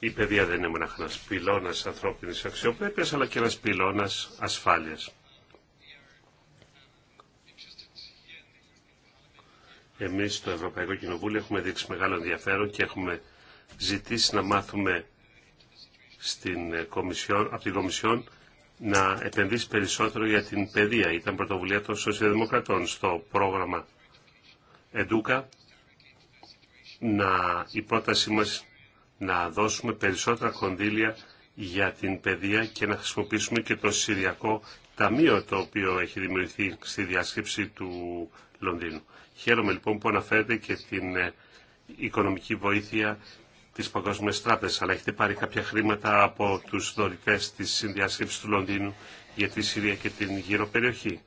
Η παιδεία δεν είναι μόνο ένας πυλώνας ανθρώπινης αξιοπρέπειας, αλλά και ένας πυλώνας ασφάλειας. Εμείς στο Ευρωπαϊκό Κοινοβούλιο έχουμε δείξει μεγάλο ενδιαφέρον και έχουμε ζητήσει να μάθουμε στην Κομισιόν, από την Κομισιόν να επενδύσει περισσότερο για την παιδεία. Ήταν πρωτοβουλία των σοσιαλδημοκρατών στο πρόγραμμα Εντούκα να, η πρότασή μας να δώσουμε περισσότερα κονδύλια για την παιδεία και να χρησιμοποιήσουμε και το Συριακό Ταμείο το οποίο έχει δημιουργηθεί στη διάσκεψη του Λονδίνου. Χαίρομαι λοιπόν που αναφέρεται και την ε, οικονομική βοήθεια της παγκόσμια Τράπεζα, αλλά έχετε πάρει κάποια χρήματα από του δωρητέ τη συνδιάσκεψης του Λονδίνου για τη Συρία και την γύρω περιοχή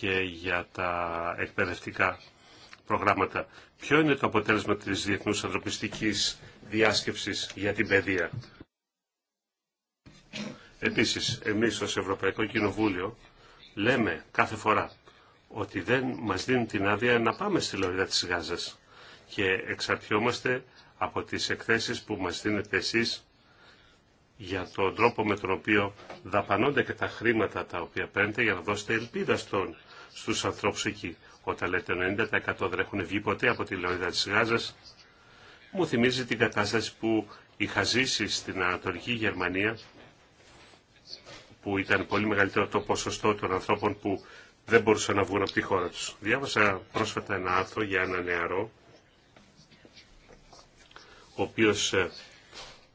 και για τα εκπαιδευτικά προγράμματα. Ποιο είναι το αποτέλεσμα της διεθνού ανθρωπιστικής διάσκεψης για την παιδεία. Επίση, εμεί, ω Ευρωπαϊκό Κοινοβούλιο λέμε κάθε φορά ότι δεν μας δίνουν την άδεια να πάμε στη Λωρίδα της Γάζας και εξαρτιόμαστε από τις εκθέσεις που μας δίνετε εσείς για τον τρόπο με τον οποίο δαπανώνται και τα χρήματα τα οποία παίρνετε για να δώσετε ελπίδα στον, στους ανθρώπους εκεί. Όταν λέτε 90% δεν έχουν βγει ποτέ από τη λεωρίδα της Γάζας, μου θυμίζει την κατάσταση που είχα ζήσει στην Ανατολική Γερμανία, που ήταν πολύ μεγαλύτερο το ποσοστό των ανθρώπων που δεν μπορούσαν να βγουν από τη χώρα τους. Διάβασα πρόσφατα ένα άρθρο για ένα νεαρό, ο οποίος ε,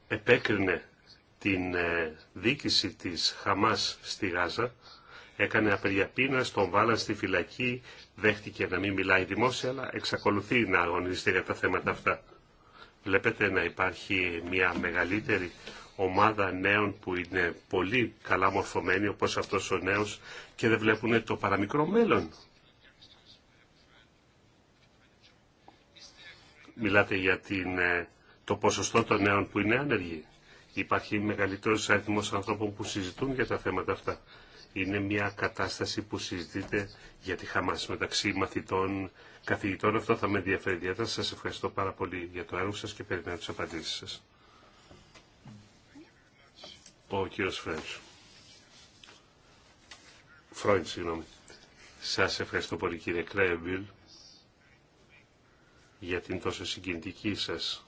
επέκρινε την ε, δίκηση της Χαμάς στη Γάζα, έκανε απεριαπίνα τον βάλαν στη φυλακή, δέχτηκε να μην μιλάει δημόσια, αλλά εξακολουθεί να αγωνίζεται για τα θέματα αυτά. Βλέπετε να υπάρχει μια μεγαλύτερη ομάδα νέων που είναι πολύ καλά μορφωμένοι, όπως αυτός ο νέος, και δεν βλέπουν το παραμικρό μέλλον. Μιλάτε για την ε, το ποσοστό των νέων που είναι άνεργοι. Υπάρχει μεγαλύτερο αριθμό ανθρώπων που συζητούν για τα θέματα αυτά. Είναι μια κατάσταση που συζητείται για τη χαμάση μεταξύ μαθητών, καθηγητών. Αυτό θα με ενδιαφέρει ιδιαίτερα. Σα ευχαριστώ πάρα πολύ για το έργο σας και περιμένω τις απαντήσεις σας. Ο κύριος Φρέντ. Φρόιντ, συγγνώμη. Σας ευχαριστώ πολύ κύριε Κρέμπιλ για την τόσο συγκινητική σας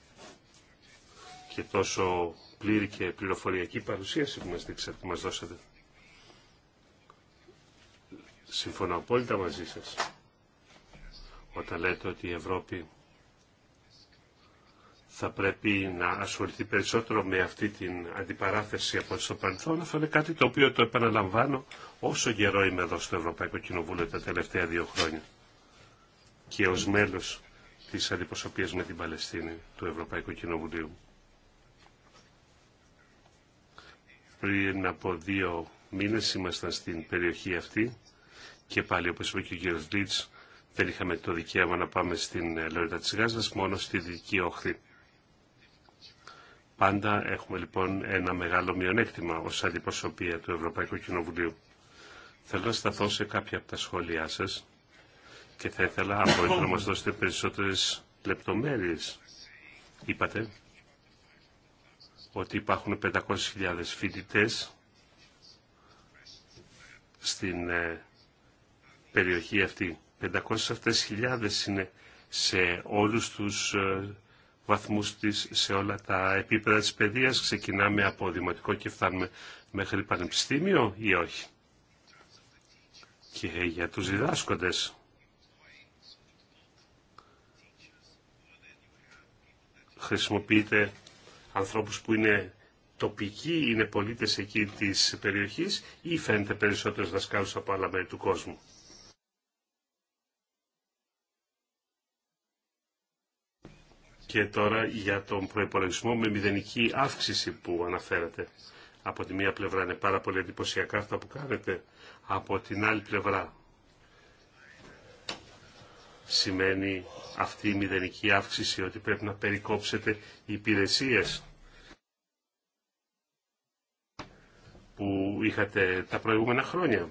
και τόσο πλήρη και πληροφοριακή παρουσίαση που μας δείξατε, που μας δώσατε. Συμφωνώ απόλυτα μαζί σας όταν λέτε ότι η Ευρώπη θα πρέπει να ασχοληθεί περισσότερο με αυτή την αντιπαράθεση από τον παρελθόν. Αυτό είναι κάτι το οποίο το επαναλαμβάνω όσο καιρό είμαι εδώ στο Ευρωπαϊκό Κοινοβούλιο τα τελευταία δύο χρόνια και ως μέλος της αντιπροσωπείας με την Παλαιστίνη του Ευρωπαϊκού Κοινοβουλίου. Πριν από δύο μήνες ήμασταν στην περιοχή αυτή και πάλι όπως είπε και ο κύριος Λίτς δεν είχαμε το δικαίωμα να πάμε στην ε, Λόριδα της Γάζας, μόνο στη Δυτική Όχθη. Πάντα έχουμε λοιπόν ένα μεγάλο μειονέκτημα ως αντιπροσωπεία του Ευρωπαϊκού Κοινοβουλίου. Θέλω να σταθώ σε κάποια από τα σχόλιά σας και θα ήθελα, να μας δώσετε περισσότερες λεπτομέρειες. Είπατε ότι υπάρχουν 500.000 φοιτητές στην ε, περιοχή αυτή. 500 αυτές χιλιάδες είναι σε όλους τους ε, βαθμούς της, σε όλα τα επίπεδα της παιδείας. Ξεκινάμε από δημοτικό και φτάνουμε μέχρι πανεπιστήμιο ή όχι. Και για τους διδάσκοντες. Χρησιμοποιείται ανθρώπους που είναι τοπικοί, είναι πολίτες εκεί της περιοχής ή φαίνεται περισσότερους δασκάλους από άλλα μέρη του κόσμου. Και τώρα για τον προϋπολογισμό με μηδενική αύξηση που αναφέρατε. Από τη μία πλευρά είναι πάρα πολύ εντυπωσιακά αυτά που κάνετε. Από την άλλη πλευρά σημαίνει αυτή η μηδενική αύξηση, ότι πρέπει να περικόψετε οι υπηρεσίες που είχατε τα προηγούμενα χρόνια.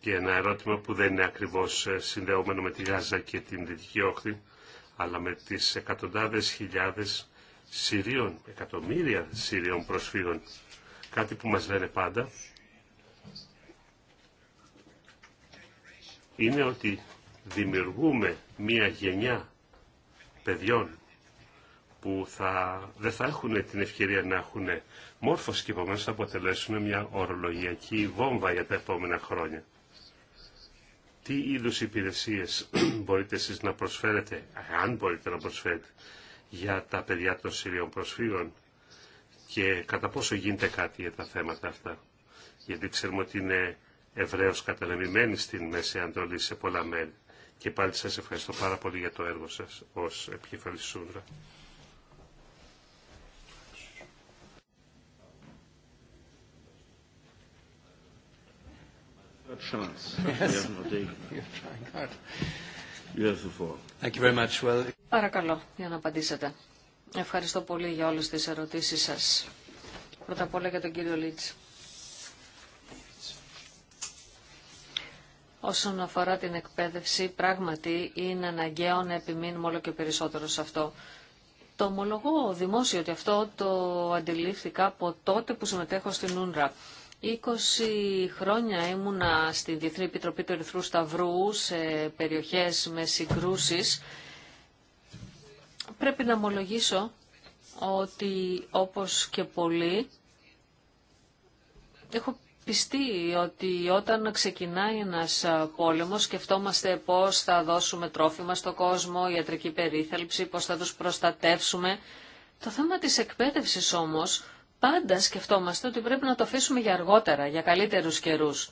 Και ένα ερώτημα που δεν είναι ακριβώς ε, συνδεόμενο με τη Γάζα και την Δυτική Όχθη, αλλά με τις εκατοντάδες χιλιάδες Συρίων, εκατομμύρια Συρίων προσφύγων. Κάτι που μας λένε πάντα είναι ότι δημιουργούμε μία γενιά παιδιών που θα, δεν θα έχουν την ευκαιρία να έχουν μόρφωση και επομένως θα αποτελέσουν μια ορολογιακή βόμβα για τα επόμενα χρόνια. Τι είδους υπηρεσίες μπορείτε εσείς να προσφέρετε, αν μπορείτε να προσφέρετε, για τα παιδιά των Συρίων προσφύγων και κατά πόσο γίνεται κάτι για τα θέματα αυτά. Γιατί ξέρουμε ότι είναι ευρέως κατανεμημένη στην Μέση Ανατολή σε πολλά μέρη. Και πάλι σας ευχαριστώ πάρα πολύ για το έργο σας ως επικεφαλής Σούντρα. Παρακαλώ για να απαντήσετε. Ευχαριστώ πολύ για όλες τις ερωτήσεις σας. Πρώτα απ' όλα για τον κύριο Λίτς. Όσον αφορά την εκπαίδευση, πράγματι είναι αναγκαίο να επιμείνουμε όλο και περισσότερο σε αυτό. Το ομολογώ δημόσιο ότι αυτό το αντιλήφθηκα από τότε που συμμετέχω στην Ούνρα. 20 χρόνια ήμουνα στη Διεθνή Επιτροπή του Ερυθρού Σταυρού σε περιοχές με συγκρούσεις. Πρέπει να ομολογήσω ότι όπως και πολλοί έχω Πιστεί ότι όταν ξεκινάει ένας πόλεμος σκεφτόμαστε πώς θα δώσουμε τρόφιμα στον κόσμο, ιατρική περίθαλψη, πώς θα τους προστατεύσουμε. Το θέμα της εκπαίδευσης όμως πάντα σκεφτόμαστε ότι πρέπει να το αφήσουμε για αργότερα, για καλύτερους καιρούς.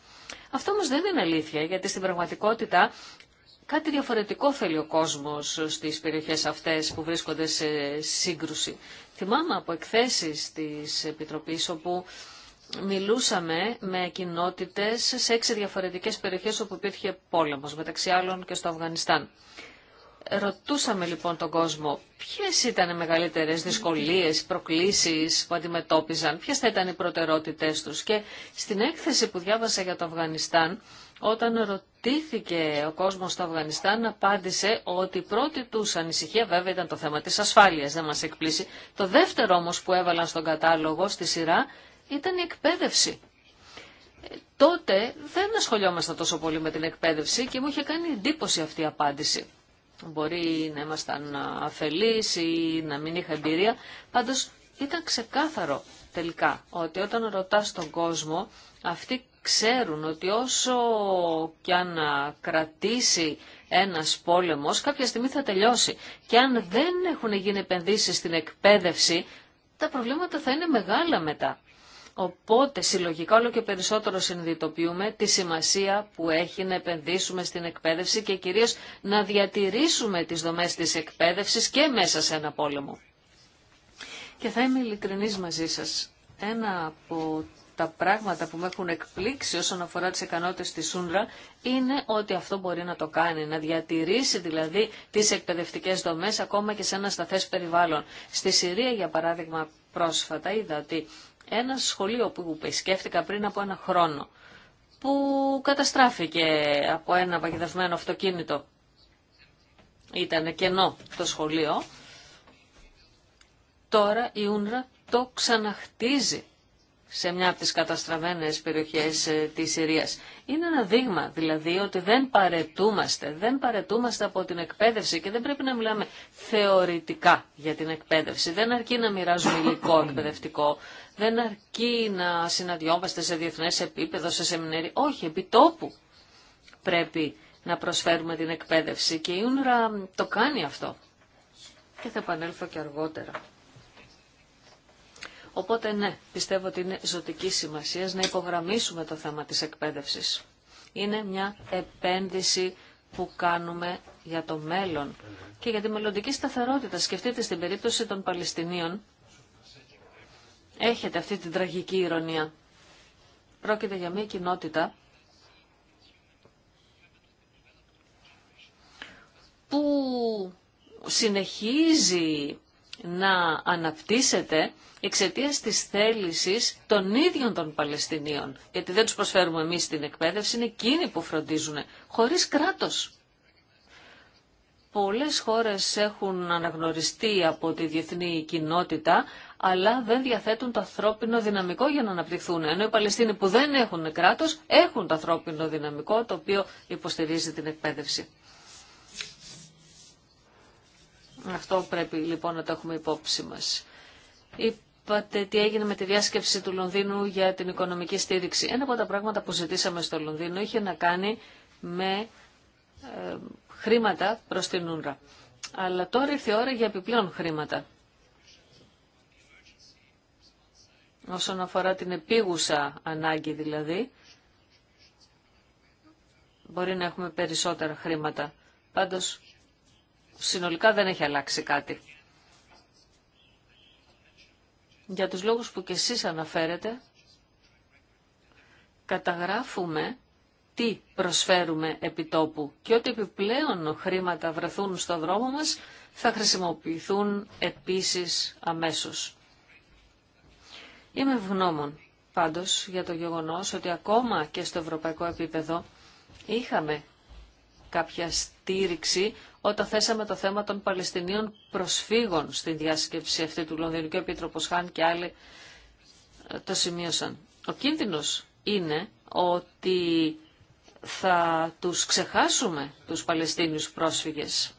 Αυτό όμως δεν είναι αλήθεια, γιατί στην πραγματικότητα κάτι διαφορετικό θέλει ο κόσμος στις περιοχές αυτές που βρίσκονται σε σύγκρουση. Θυμάμαι από εκθέσεις της Επιτροπής όπου μιλούσαμε με κοινότητες σε έξι διαφορετικές περιοχές όπου υπήρχε πόλεμος, μεταξύ άλλων και στο Αφγανιστάν. Ρωτούσαμε λοιπόν τον κόσμο ποιες ήταν οι μεγαλύτερες δυσκολίες, προκλήσεις που αντιμετώπιζαν, ποιες θα ήταν οι προτερότητε τους. Και στην έκθεση που διάβασα για το Αφγανιστάν, όταν ρωτήθηκε ο κόσμος στο Αφγανιστάν, απάντησε ότι η πρώτη τους ανησυχία βέβαια ήταν το θέμα της ασφάλειας, δεν μας εκπλήσει. Το δεύτερο όμως που έβαλαν στον κατάλογο στη σειρά ήταν η εκπαίδευση. Τότε δεν ασχολιόμασταν τόσο πολύ με την εκπαίδευση και μου είχε κάνει εντύπωση αυτή η απάντηση. Μπορεί να ήμασταν αφελείς ή να μην είχα εμπειρία. Πάντως ήταν ξεκάθαρο τελικά ότι όταν ρωτάς τον κόσμο αυτοί ξέρουν ότι όσο και αν κρατήσει ένας πόλεμος κάποια στιγμή θα τελειώσει. Και αν δεν έχουν γίνει επενδύσεις στην εκπαίδευση τα προβλήματα θα είναι μεγάλα μετά. Οπότε συλλογικά όλο και περισσότερο συνειδητοποιούμε τη σημασία που έχει να επενδύσουμε στην εκπαίδευση και κυρίως να διατηρήσουμε τις δομές της εκπαίδευσης και μέσα σε ένα πόλεμο. Και θα είμαι ειλικρινής μαζί σας. Ένα από τα πράγματα που με έχουν εκπλήξει όσον αφορά τις ικανότητες της Σούντρα είναι ότι αυτό μπορεί να το κάνει, να διατηρήσει δηλαδή τις εκπαιδευτικές δομές ακόμα και σε ένα σταθές περιβάλλον. Στη Συρία για παράδειγμα πρόσφατα είδα ότι ένα σχολείο που επισκέφτηκα πριν από ένα χρόνο, που καταστράφηκε από ένα παγιδευμένο αυτοκίνητο. Ήταν κενό το σχολείο. Τώρα η Ούνρα το ξαναχτίζει σε μια από τις καταστραμμένες περιοχές ε, της Συρίας. Είναι ένα δείγμα δηλαδή ότι δεν παρετούμαστε, δεν παρετούμαστε από την εκπαίδευση και δεν πρέπει να μιλάμε θεωρητικά για την εκπαίδευση. Δεν αρκεί να μοιράζουμε υλικό εκπαιδευτικό, δεν αρκεί να συναντιόμαστε σε διεθνές επίπεδο, σε σεμινέρι. Όχι, επί τόπου πρέπει να προσφέρουμε την εκπαίδευση και η UNRWA το κάνει αυτό. Και θα επανέλθω και αργότερα. Οπότε ναι, πιστεύω ότι είναι ζωτική σημασία να υπογραμμίσουμε το θέμα της εκπαίδευσης. Είναι μια επένδυση που κάνουμε για το μέλλον και για τη μελλοντική σταθερότητα. Σκεφτείτε στην περίπτωση των Παλαιστινίων. Έχετε αυτή την τραγική ηρωνία. Πρόκειται για μια κοινότητα που συνεχίζει να αναπτύσσεται εξαιτία τη θέληση των ίδιων των Παλαιστινίων. Γιατί δεν τους προσφέρουμε εμείς την εκπαίδευση, είναι εκείνοι που φροντίζουν, χωρίς κράτος. Πολλέ χώρες έχουν αναγνωριστεί από τη διεθνή κοινότητα, αλλά δεν διαθέτουν το ανθρώπινο δυναμικό για να αναπτυχθούν. Ενώ οι Παλαιστίνοι που δεν έχουν κράτο έχουν το ανθρώπινο δυναμικό το οποίο υποστηρίζει την εκπαίδευση. Αυτό πρέπει λοιπόν να το έχουμε υπόψη μας. Είπατε τι έγινε με τη διάσκεψη του Λονδίνου για την οικονομική στήριξη. Ένα από τα πράγματα που ζητήσαμε στο Λονδίνο είχε να κάνει με ε, χρήματα προς την Ούρα. Αλλά τώρα ήρθε η ώρα για επιπλέον χρήματα. Όσον αφορά την επίγουσα ανάγκη δηλαδή, μπορεί να έχουμε περισσότερα χρήματα. Πάντως συνολικά δεν έχει αλλάξει κάτι. Για τους λόγους που και εσείς αναφέρετε, καταγράφουμε τι προσφέρουμε επιτόπου και ότι επιπλέον χρήματα βρεθούν στο δρόμο μας θα χρησιμοποιηθούν επίσης αμέσως. Είμαι ευγνώμων πάντως για το γεγονός ότι ακόμα και στο ευρωπαϊκό επίπεδο είχαμε κάποια στήριξη όταν θέσαμε το θέμα των Παλαιστινίων προσφύγων στη διάσκεψη αυτή του Λονδίνου και ο Επίτροπος Χάν και άλλοι ε, το σημείωσαν. Ο κίνδυνος είναι ότι θα τους ξεχάσουμε τους Παλαιστίνιους πρόσφυγες.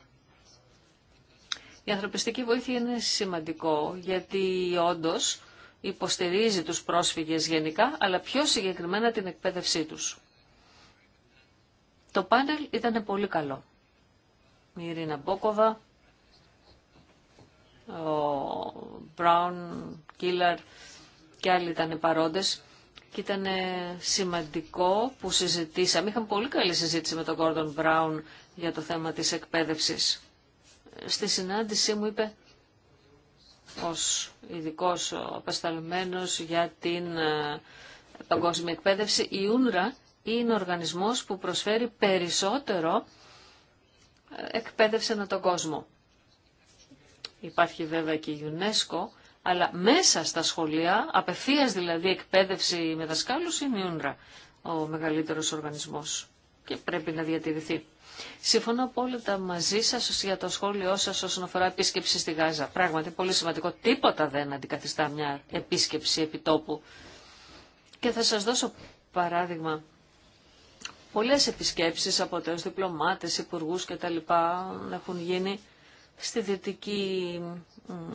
Η ανθρωπιστική βοήθεια είναι σημαντικό γιατί όντως υποστηρίζει τους πρόσφυγες γενικά, αλλά πιο συγκεκριμένα την εκπαίδευσή τους. Το πάνελ ήταν πολύ καλό η Ειρήνα Μπόκοβα, ο Μπράουν, Κίλαρ και άλλοι ήταν παρόντες και ήταν σημαντικό που συζητήσαμε. Είχαμε πολύ καλή συζήτηση με τον Γκόρντον Μπράουν για το θέμα της εκπαίδευσης. Στη συνάντησή μου είπε ως ειδικό απεσταλμένο για την ε, παγκόσμια εκπαίδευση η UNRWA είναι ο οργανισμός που προσφέρει περισσότερο να τον κόσμο. Υπάρχει βέβαια και η UNESCO, αλλά μέσα στα σχολεία, απευθείας δηλαδή εκπαίδευση με δασκάλους, είναι η UNRWA, ο μεγαλύτερος οργανισμός και πρέπει να διατηρηθεί. Συμφωνώ απόλυτα μαζί σα για το σχόλιο σα όσον αφορά επίσκεψη στη Γάζα. Πράγματι, πολύ σημαντικό. Τίποτα δεν αντικαθιστά μια επίσκεψη επιτόπου. Και θα σα δώσω παράδειγμα Πολλές επισκέψεις από τους διπλωμάτες, υπουργούς κτλ. έχουν γίνει στη Δυτική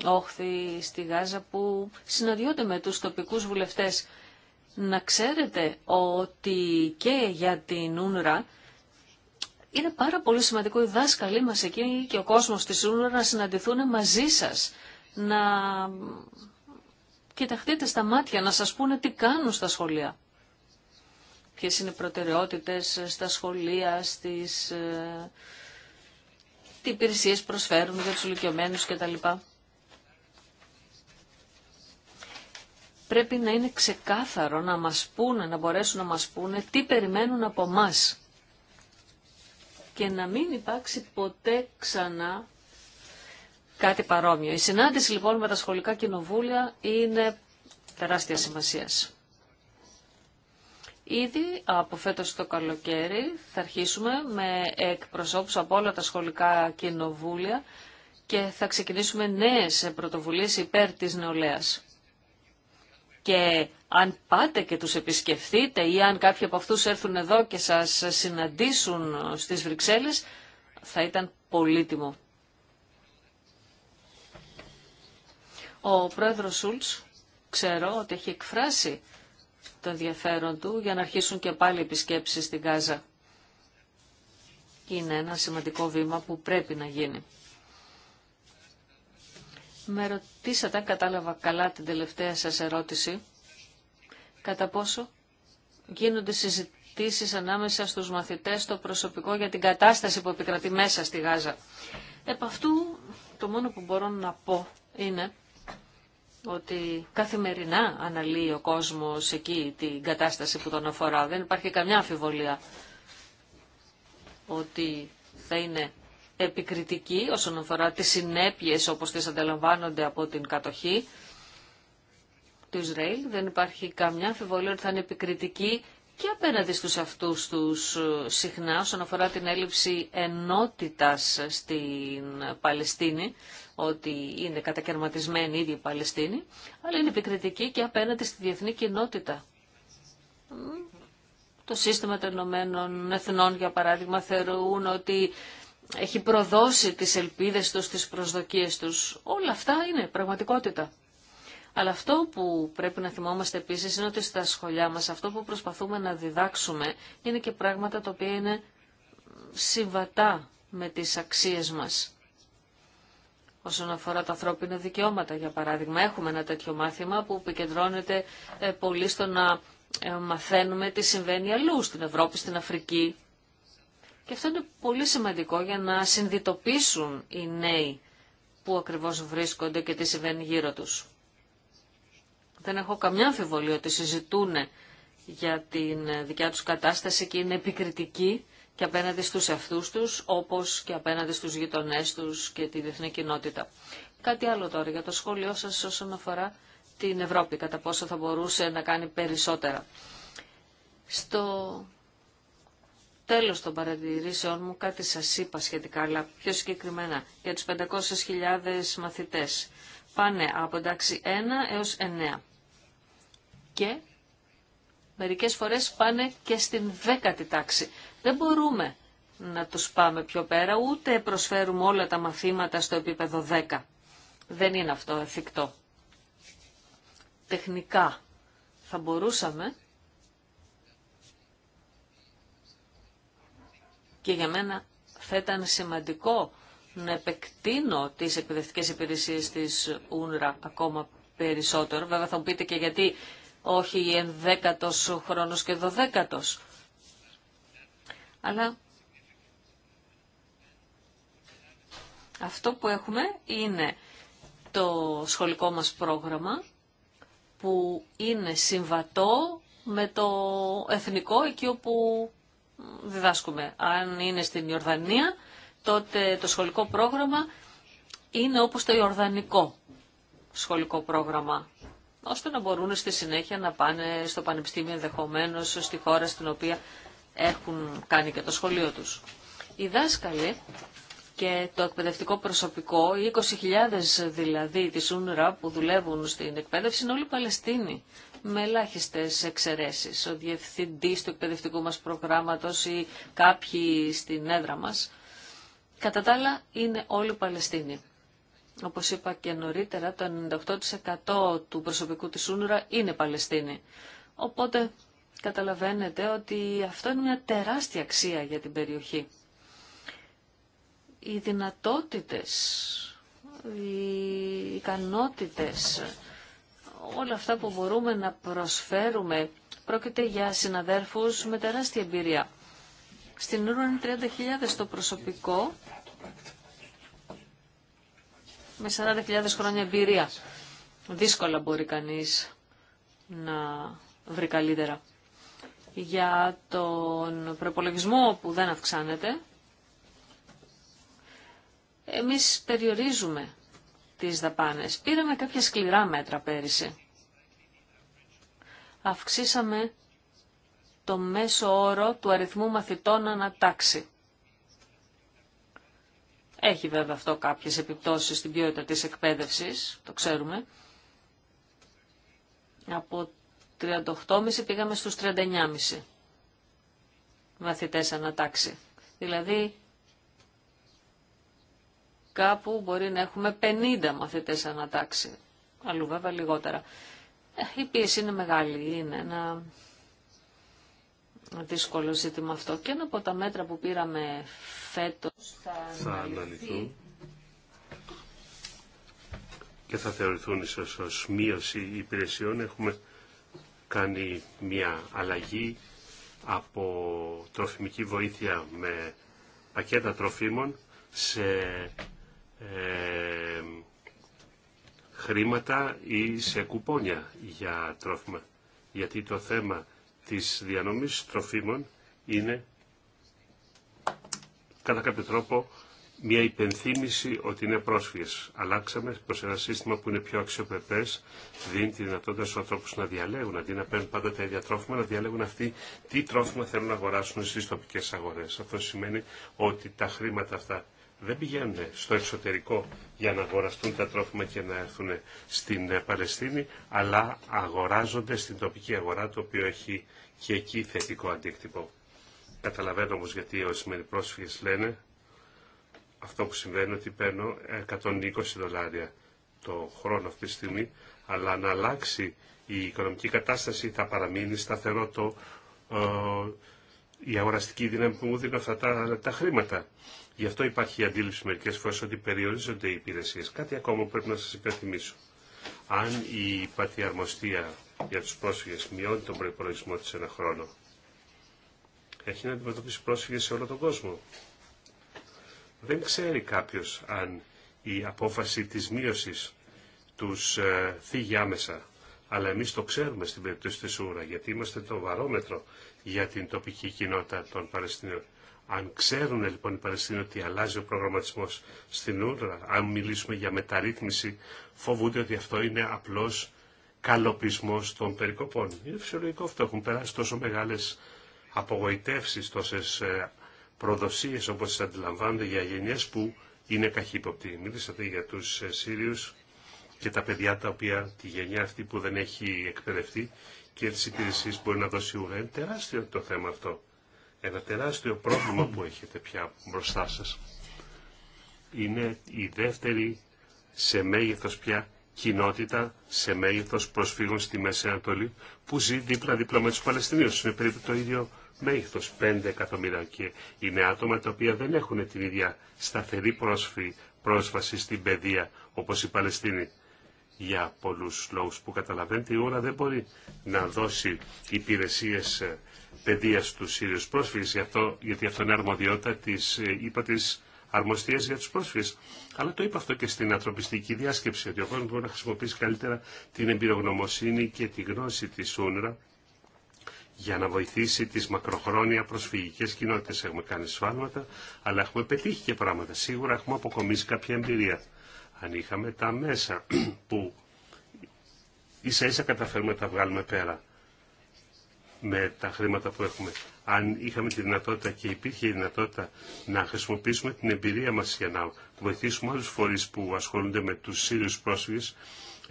Όχθη, στη Γάζα που συναντιόνται με τους τοπικούς βουλευτές. Να ξέρετε ότι και για την Ούνρα είναι πάρα πολύ σημαντικό οι δάσκαλοι μας εκεί και ο κόσμος της Ούνρα να συναντηθούν μαζί σας, να κοιταχτείτε στα μάτια, να σας πούνε τι κάνουν στα σχολεία ποιες είναι οι προτεραιότητες στα σχολεία, στις, ε, τι υπηρεσίε προσφέρουν για τους ηλικιωμένους κτλ. Πρέπει να είναι ξεκάθαρο να μας πούνε, να μπορέσουν να μας πούνε τι περιμένουν από μας και να μην υπάρξει ποτέ ξανά κάτι παρόμοιο. Η συνάντηση λοιπόν με τα σχολικά κοινοβούλια είναι τεράστια σημασίας. Ήδη από φέτος το καλοκαίρι θα αρχίσουμε με εκπροσώπους από όλα τα σχολικά κοινοβούλια και θα ξεκινήσουμε νέες πρωτοβουλίες υπέρ της νεολαίας. Και αν πάτε και τους επισκεφθείτε ή αν κάποιοι από αυτούς έρθουν εδώ και σας συναντήσουν στις Βρυξέλλες, θα ήταν πολύτιμο. Ο πρόεδρος Σούλτς ξέρω ότι έχει εκφράσει το ενδιαφέρον του για να αρχίσουν και πάλι επισκέψεις στην Γάζα. Είναι ένα σημαντικό βήμα που πρέπει να γίνει. Με ρωτήσατε, αν κατάλαβα καλά την τελευταία σας ερώτηση, κατά πόσο γίνονται συζητήσεις ανάμεσα στους μαθητές, στο προσωπικό για την κατάσταση που επικρατεί μέσα στη Γάζα. Επ' αυτού το μόνο που μπορώ να πω είναι ότι καθημερινά αναλύει ο κόσμος εκεί την κατάσταση που τον αφορά. Δεν υπάρχει καμιά αμφιβολία ότι θα είναι επικριτική όσον αφορά τις συνέπειες όπως τις αντιλαμβάνονται από την κατοχή του Ισραήλ. Δεν υπάρχει καμιά αμφιβολία ότι θα είναι επικριτική και απέναντι στους αυτούς τους ε, συχνά όσον αφορά την έλλειψη ενότητας στην Παλαιστίνη ότι είναι κατακαιρματισμένοι ήδη οι Παλαιστίνοι, αλλά είναι επικριτική και απέναντι στη διεθνή κοινότητα. Το σύστημα των Ηνωμένων Εθνών, για παράδειγμα, θεωρούν ότι έχει προδώσει τις ελπίδες τους, τις προσδοκίες τους. Όλα αυτά είναι πραγματικότητα. Αλλά αυτό που πρέπει να θυμόμαστε επίσης είναι ότι στα σχολιά μας αυτό που προσπαθούμε να διδάξουμε είναι και πράγματα τα οποία είναι συμβατά με τις αξίες μας όσον αφορά τα ανθρώπινα δικαιώματα. Για παράδειγμα, έχουμε ένα τέτοιο μάθημα που επικεντρώνεται ε, πολύ στο να ε, μαθαίνουμε τι συμβαίνει αλλού, στην Ευρώπη, στην Αφρική. Και αυτό είναι πολύ σημαντικό για να συνδυτοποιήσουν οι νέοι που ακριβώς βρίσκονται και τι συμβαίνει γύρω τους. Δεν έχω καμιά αμφιβολία ότι συζητούν για την ε, δικιά τους κατάσταση και είναι επικριτικοί και απέναντι στους εαυτούς τους, όπως και απέναντι στους γειτονές τους και τη διεθνή κοινότητα. Κάτι άλλο τώρα για το σχόλιο σας όσον αφορά την Ευρώπη, κατά πόσο θα μπορούσε να κάνει περισσότερα. Στο τέλος των παρατηρήσεων μου κάτι σας είπα σχετικά, αλλά πιο συγκεκριμένα για τους 500.000 μαθητές. Πάνε από εντάξει 1 έως 9. Και μερικές φορές πάνε και στην δέκατη τάξη. Δεν μπορούμε να τους πάμε πιο πέρα, ούτε προσφέρουμε όλα τα μαθήματα στο επίπεδο 10. Δεν είναι αυτό εφικτό. Τεχνικά θα μπορούσαμε και για μένα θα ήταν σημαντικό να επεκτείνω τις εκπαιδευτικές υπηρεσίες της Ούνρα ακόμα περισσότερο. Βέβαια θα μου πείτε και γιατί όχι ενδέκατος χρόνος και δωδέκατος. Αλλά αυτό που έχουμε είναι το σχολικό μας πρόγραμμα που είναι συμβατό με το εθνικό εκεί όπου διδάσκουμε. Αν είναι στην Ιορδανία, τότε το σχολικό πρόγραμμα είναι όπως το Ιορδανικό σχολικό πρόγραμμα, ώστε να μπορούν στη συνέχεια να πάνε στο πανεπιστήμιο ενδεχομένω στη χώρα στην οποία έχουν κάνει και το σχολείο τους. Οι δάσκαλοι και το εκπαιδευτικό προσωπικό, οι 20.000 δηλαδή της UNRWA που δουλεύουν στην εκπαίδευση είναι όλοι Παλαιστίνοι με ελάχιστε εξαιρέσει. Ο διευθυντή του εκπαιδευτικού μα προγράμματο ή κάποιοι στην έδρα μα. Κατά τα άλλα, είναι όλοι Παλαιστίνοι. Όπως είπα και νωρίτερα, το 98% του προσωπικού της Ούνουρα είναι Παλαιστίνοι. Οπότε καταλαβαίνετε ότι αυτό είναι μια τεράστια αξία για την περιοχή. Οι δυνατότητες, οι ικανότητες, όλα αυτά που μπορούμε να προσφέρουμε, πρόκειται για συναδέρφους με τεράστια εμπειρία. Στην Ρούρου είναι 30.000 το προσωπικό, με 40.000 χρόνια εμπειρία. Δύσκολα μπορεί κανείς να βρει καλύτερα για τον προπολογισμό που δεν αυξάνεται, εμείς περιορίζουμε τις δαπάνες. Πήραμε κάποια σκληρά μέτρα πέρυσι. Αυξήσαμε το μέσο όρο του αριθμού μαθητών ανατάξει. Έχει βέβαια αυτό κάποιες επιπτώσεις στην ποιότητα της εκπαίδευσης, το ξέρουμε. Από 38,5 πήγαμε στους 39,5 μαθητές ανατάξει. Δηλαδή κάπου μπορεί να έχουμε 50 μαθητές ανατάξει. Αλλού βέβαια λιγότερα. Ε, η πίεση είναι μεγάλη, είναι ένα δύσκολο ζήτημα αυτό. Και ένα από τα μέτρα που πήραμε φέτος θα, θα αναλυθούν και θα θεωρηθούν ίσως ως μείωση υπηρεσιών. Έχουμε κάνει μια αλλαγή από τροφιμική βοήθεια με πακέτα τροφίμων σε ε, χρήματα ή σε κουπόνια για τρόφιμα. Γιατί το θέμα της διανομής τροφίμων είναι κατά κάποιο τρόπο μια υπενθύμηση ότι είναι πρόσφυγες. Αλλάξαμε προ ένα σύστημα που είναι πιο αξιοπρεπέ, δίνει τη δυνατότητα στου ανθρώπου να διαλέγουν, αντί να παίρνουν πάντα τα ίδια τρόφιμα, να διαλέγουν αυτοί τι τρόφιμα θέλουν να αγοράσουν στι τοπικέ αγορέ. Αυτό σημαίνει ότι τα χρήματα αυτά δεν πηγαίνουν στο εξωτερικό για να αγοραστούν τα τρόφιμα και να έρθουν στην ε, Παλαιστίνη, αλλά αγοράζονται στην τοπική αγορά, το οποίο έχει και εκεί θετικό αντίκτυπο. Καταλαβαίνω όμως γιατί οι ορισμένοι πρόσφυγες λένε αυτό που συμβαίνει ότι παίρνω 120 δολάρια το χρόνο αυτή τη στιγμή, αλλά να αλλάξει η οικονομική κατάσταση θα παραμείνει σταθερό το, ε, η αγοραστική δύναμη που μου δίνουν αυτά τα, χρήματα. Γι' αυτό υπάρχει η αντίληψη μερικές φορές ότι περιορίζονται οι υπηρεσίες. Κάτι ακόμα που πρέπει να σας υπενθυμίσω. Αν η πατιαρμοστία για τους πρόσφυγες μειώνει τον προϋπολογισμό της ένα χρόνο, έχει να αντιμετωπίσει πρόσφυγες σε όλο τον κόσμο δεν ξέρει κάποιος αν η απόφαση της μείωσης τους ε, θίγει άμεσα. Αλλά εμείς το ξέρουμε στην περίπτωση της Ούρα, γιατί είμαστε το βαρόμετρο για την τοπική κοινότητα των Παλαιστινίων. Αν ξέρουν λοιπόν οι Παλαιστινοί ότι αλλάζει ο προγραμματισμός στην Ούρα, αν μιλήσουμε για μεταρρύθμιση, φοβούνται ότι αυτό είναι απλώς καλοπισμός των περικοπών. Είναι φυσιολογικό αυτό, έχουν περάσει τόσο μεγάλες απογοητεύσεις, τόσες ε, προδοσίες όπως τις αντιλαμβάνονται για γενιές που είναι καχύποπτοι. Μίλησατε για τους ε, Σύριους και τα παιδιά τα οποία τη γενιά αυτή που δεν έχει εκπαιδευτεί και τις υπηρεσίες μπορεί να δώσει ουρά. Είναι τεράστιο το θέμα αυτό. Ένα τεράστιο πρόβλημα που έχετε πια μπροστά σας. Είναι η δεύτερη σε μέγεθος πια κοινότητα σε μέγεθος προσφύγων στη Μέση Ανατολή που ζει δίπλα-δίπλα με τους Παλαιστινίους. Είναι περίπου το ίδιο μέγεθος 5 εκατομμύρια και είναι άτομα τα οποία δεν έχουν την ίδια σταθερή πρόσφυ, πρόσβαση στην παιδεία όπως η Παλαιστίνη. Για πολλούς λόγους που καταλαβαίνετε η ώρα δεν μπορεί να δώσει υπηρεσίες ε, παιδείας στους Σύριους πρόσφυγες αυτό, γιατί αυτό είναι αρμοδιότητα της ε, είπα της αρμοστίας για τους πρόσφυγες. Αλλά το είπα αυτό και στην ανθρωπιστική διάσκεψη ότι ο κόσμος μπορεί να χρησιμοποιήσει καλύτερα την εμπειρογνωμοσύνη και τη γνώση της Ούνρα για να βοηθήσει τις μακροχρόνια προσφυγικές κοινότητες. Έχουμε κάνει σφάλματα, αλλά έχουμε πετύχει και πράγματα. Σίγουρα έχουμε αποκομίσει κάποια εμπειρία. Αν είχαμε τα μέσα που ίσα ίσα καταφέρουμε να τα βγάλουμε πέρα με τα χρήματα που έχουμε. Αν είχαμε τη δυνατότητα και υπήρχε η δυνατότητα να χρησιμοποιήσουμε την εμπειρία μας για να βοηθήσουμε άλλους φορείς που ασχολούνται με τους Σύριους πρόσφυγες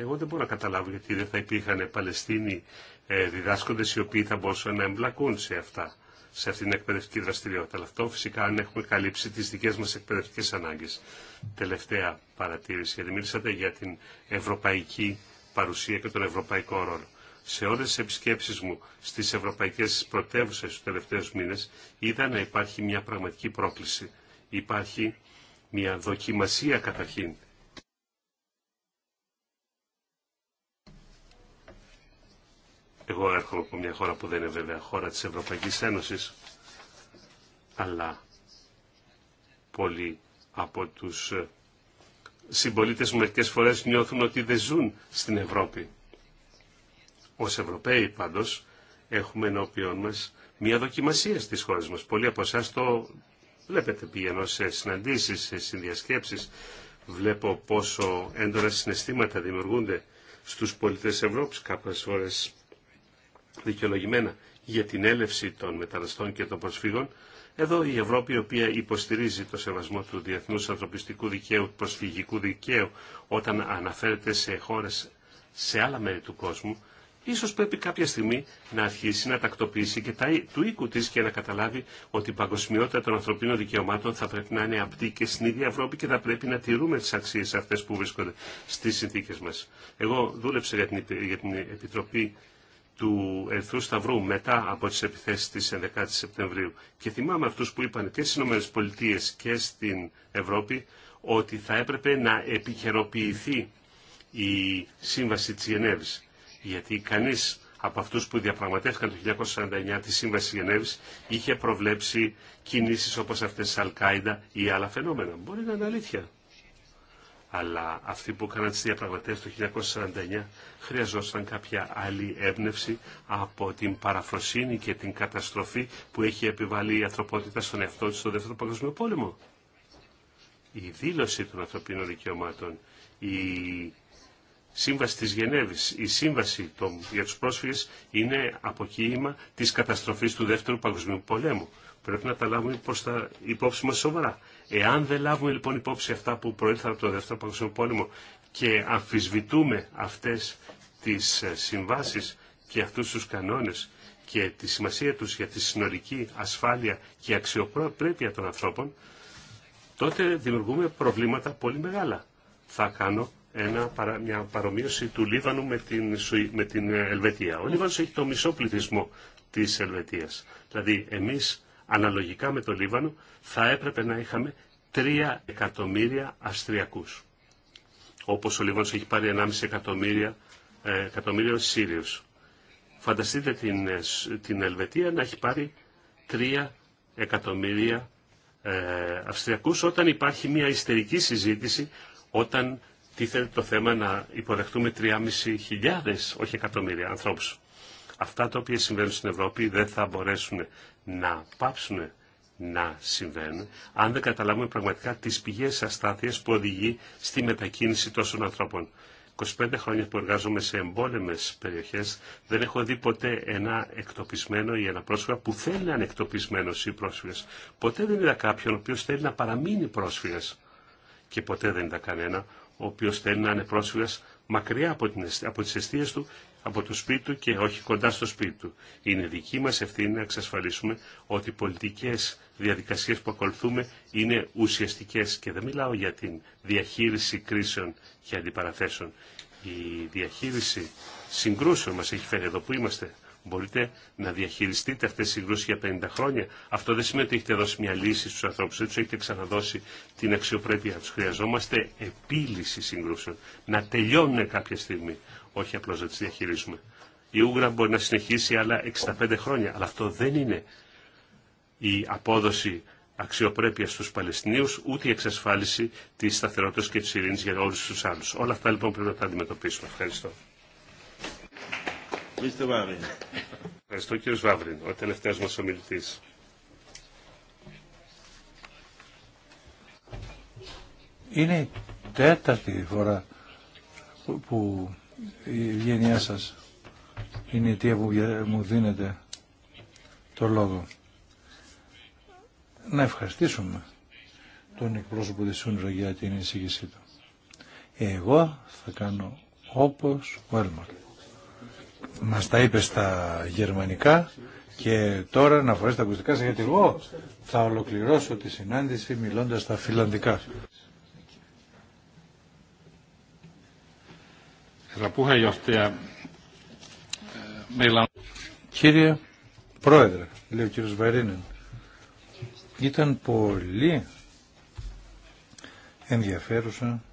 εγώ δεν μπορώ να καταλάβω γιατί δεν θα υπήρχαν Παλαιστίνοι ε, διδάσκοντες οι οποίοι θα μπορούσαν να εμπλακούν σε αυτά σε αυτήν την εκπαιδευτική δραστηριότητα. Αλλά αυτό φυσικά αν έχουμε καλύψει τι δικέ μα εκπαιδευτικέ ανάγκε. Τελευταία παρατήρηση, γιατί μίλησατε για την ευρωπαϊκή παρουσία και τον ευρωπαϊκό ρόλο. Σε όλε τι επισκέψει μου στι ευρωπαϊκέ πρωτεύουσε του τελευταίους μήνε είδα να υπάρχει μια πραγματική πρόκληση. Υπάρχει μια δοκιμασία καταρχήν Εγώ έρχομαι από μια χώρα που δεν είναι βέβαια χώρα της Ευρωπαϊκής Ένωσης, αλλά πολλοί από τους ε, συμπολίτες μου μερικές φορές νιώθουν ότι δεν ζουν στην Ευρώπη. Ως Ευρωπαίοι πάντως έχουμε ενώπιον μας μια δοκιμασία στις χώρες μας. Πολλοί από εσά το βλέπετε πηγαίνω σε συναντήσεις, σε συνδιασκέψεις. Βλέπω πόσο έντονα συναισθήματα δημιουργούνται στους πολίτες Ευρώπης. Κάποιες φορές δικαιολογημένα για την έλευση των μεταναστών και των προσφύγων, εδώ η Ευρώπη, η οποία υποστηρίζει το σεβασμό του διεθνούς ανθρωπιστικού δικαίου, προσφυγικού δικαίου, όταν αναφέρεται σε χώρες σε άλλα μέρη του κόσμου, ίσως πρέπει κάποια στιγμή να αρχίσει να τακτοποιήσει και τα, του οίκου της και να καταλάβει ότι η παγκοσμιότητα των ανθρωπίνων δικαιωμάτων θα πρέπει να είναι απτή και στην ίδια Ευρώπη και θα πρέπει να τηρούμε τις αξίες αυτές που βρίσκονται στις συνθήκες μας. Εγώ δούλεψα για την, για την Επιτροπή του Ερθρού Σταυρού μετά από τις επιθέσεις της 11 Σεπτεμβρίου. Και θυμάμαι αυτούς που είπαν και στις ΗΠΑ και στην Ευρώπη ότι θα έπρεπε να επικαιροποιηθεί η σύμβαση της Γενέβης. Γιατί κανείς από αυτούς που διαπραγματεύτηκαν το 1949 τη Σύμβαση Γενέβης είχε προβλέψει κινήσεις όπως αυτές της Αλκάιντα ή άλλα φαινόμενα. Μπορεί να είναι αλήθεια αλλά αυτοί που έκαναν τις διαπραγματεύσεις το 1949 χρειαζόταν κάποια άλλη έμπνευση από την παραφροσύνη και την καταστροφή που έχει επιβάλει η ανθρωπότητα στον εαυτό της στο Δεύτερο Παγκόσμιο Πόλεμο. Η δήλωση των ανθρωπίνων δικαιωμάτων, η Σύμβαση της Γενέβης, η Σύμβαση των, για τους πρόσφυγες είναι αποκοίημα της καταστροφής του Δεύτερου Παγκοσμίου Πολέμου. Πρέπει να τα λάβουμε υπόψη μας σοβαρά. Εάν δεν λάβουμε λοιπόν υπόψη αυτά που προήλθαν από το Δεύτερο Παγκόσμιο Πόλεμο και αμφισβητούμε αυτές τις ε, συμβάσεις και αυτούς τους κανόνες και τη σημασία τους για τη συνολική ασφάλεια και αξιοπρέπεια των ανθρώπων, τότε δημιουργούμε προβλήματα πολύ μεγάλα. Θα κάνω ένα, μια παρομοίωση του Λίβανου με την, με την ε, Ελβετία. Ο Λίβανος έχει το μισό πληθυσμό της Ελβετίας. Δηλαδή εμείς αναλογικά με το Λίβανο, θα έπρεπε να είχαμε 3 εκατομμύρια Αυστριακούς. Όπως ο Λίβανος έχει πάρει 1,5 εκατομμύρια, ε, Σύριους. Φανταστείτε την, ε, την Ελβετία να έχει πάρει 3 εκατομμύρια ε, Αυστριακούς όταν υπάρχει μια ιστερική συζήτηση όταν τίθεται το θέμα να υποδεχτούμε χιλιάδες, όχι εκατομμύρια ανθρώπους αυτά τα οποία συμβαίνουν στην Ευρώπη δεν θα μπορέσουν να πάψουν να συμβαίνουν, αν δεν καταλάβουμε πραγματικά τις πηγές αστάθειας που οδηγεί στη μετακίνηση τόσων ανθρώπων. 25 χρόνια που εργάζομαι σε εμπόλεμες περιοχές, δεν έχω δει ποτέ ένα εκτοπισμένο ή ένα πρόσφυγα που θέλει να είναι εκτοπισμένος ή πρόσφυγας. Ποτέ δεν είδα κάποιον ο οποίος θέλει να παραμείνει πρόσφυγας. Και ποτέ δεν είδα κανένα ο οποίος θέλει να είναι πρόσφυγας μακριά από, τι από τις αιστείες του από το σπίτι του και όχι κοντά στο σπίτι του. Είναι δική μας ευθύνη να εξασφαλίσουμε ότι οι πολιτικές διαδικασίες που ακολουθούμε είναι ουσιαστικές και δεν μιλάω για την διαχείριση κρίσεων και αντιπαραθέσεων. Η διαχείριση συγκρούσεων μας έχει φέρει εδώ που είμαστε. Μπορείτε να διαχειριστείτε αυτέ τι συγκρούσει για 50 χρόνια. Αυτό δεν σημαίνει ότι έχετε δώσει μια λύση στου ανθρώπου, δεν του έχετε ξαναδώσει την αξιοπρέπεια του. Χρειαζόμαστε επίλυση συγκρούσεων. Να τελειώνουν κάποια στιγμή όχι απλώ να τι διαχειρίζουμε. Η Ούγγρα μπορεί να συνεχίσει άλλα 65 χρόνια, αλλά αυτό δεν είναι η απόδοση αξιοπρέπεια στου Παλαιστινίου ούτε η εξασφάλιση της σταθερότητα και της ειρήνη για όλους τους άλλου. Όλα αυτά λοιπόν πρέπει να τα αντιμετωπίσουμε. Ευχαριστώ. Ευχαριστώ κύριο Βαύριν, ο τελευταίος μας ομιλητής. Είναι η τέταρτη φορά που η ευγένειά σας είναι η αιτία που μου δίνετε το λόγο. Να ευχαριστήσουμε τον εκπρόσωπο της Σούντρα για την εισήγησή του. Εγώ θα κάνω όπως ο Έλμαρ. Μας τα είπε στα γερμανικά και τώρα να φορέσει τα ακουστικά σας γιατί εγώ θα ολοκληρώσω τη συνάντηση μιλώντας στα φιλανδικά. Κύριε Πρόεδρε, λέει ο κύριος Βαρίνεν, ήταν πολύ ενδιαφέρουσα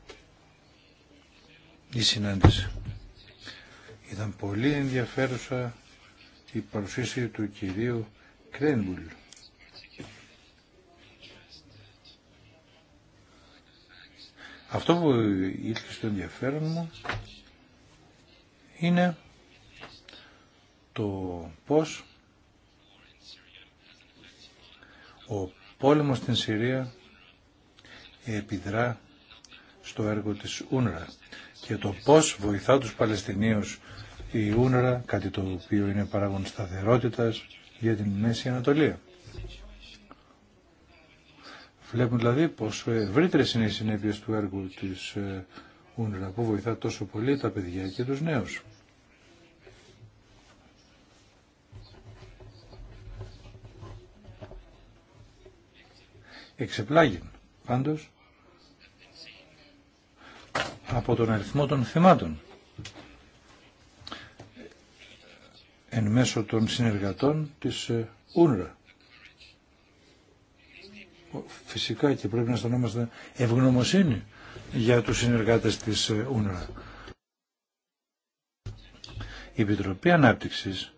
η συνάντηση. Ήταν πολύ ενδιαφέρουσα η παρουσίαση του κυρίου Κρένμπουλ. Αυτό που ήλθε στο ενδιαφέρον μου είναι το πώς ο πόλεμος στην Συρία επιδρά στο έργο της Ούνρα και το πώς βοηθά τους Παλαιστινίους η Ούνρα, κάτι το οποίο είναι παράγον σταθερότητας για την Μέση Ανατολία. Βλέπουμε δηλαδή πως ευρύτερες είναι οι συνέπειες του έργου της ε, UNRWA που βοηθά τόσο πολύ τα παιδιά και τους νέους. Εξεπλάγει πάντως από τον αριθμό των θεμάτων, εν μέσω των συνεργατών της ε, Ούνρα. Φυσικά και πρέπει να αισθανόμαστε ευγνωμοσύνη για τους συνεργάτες της ε, UNRWA. Η Επιτροπή Ανάπτυξης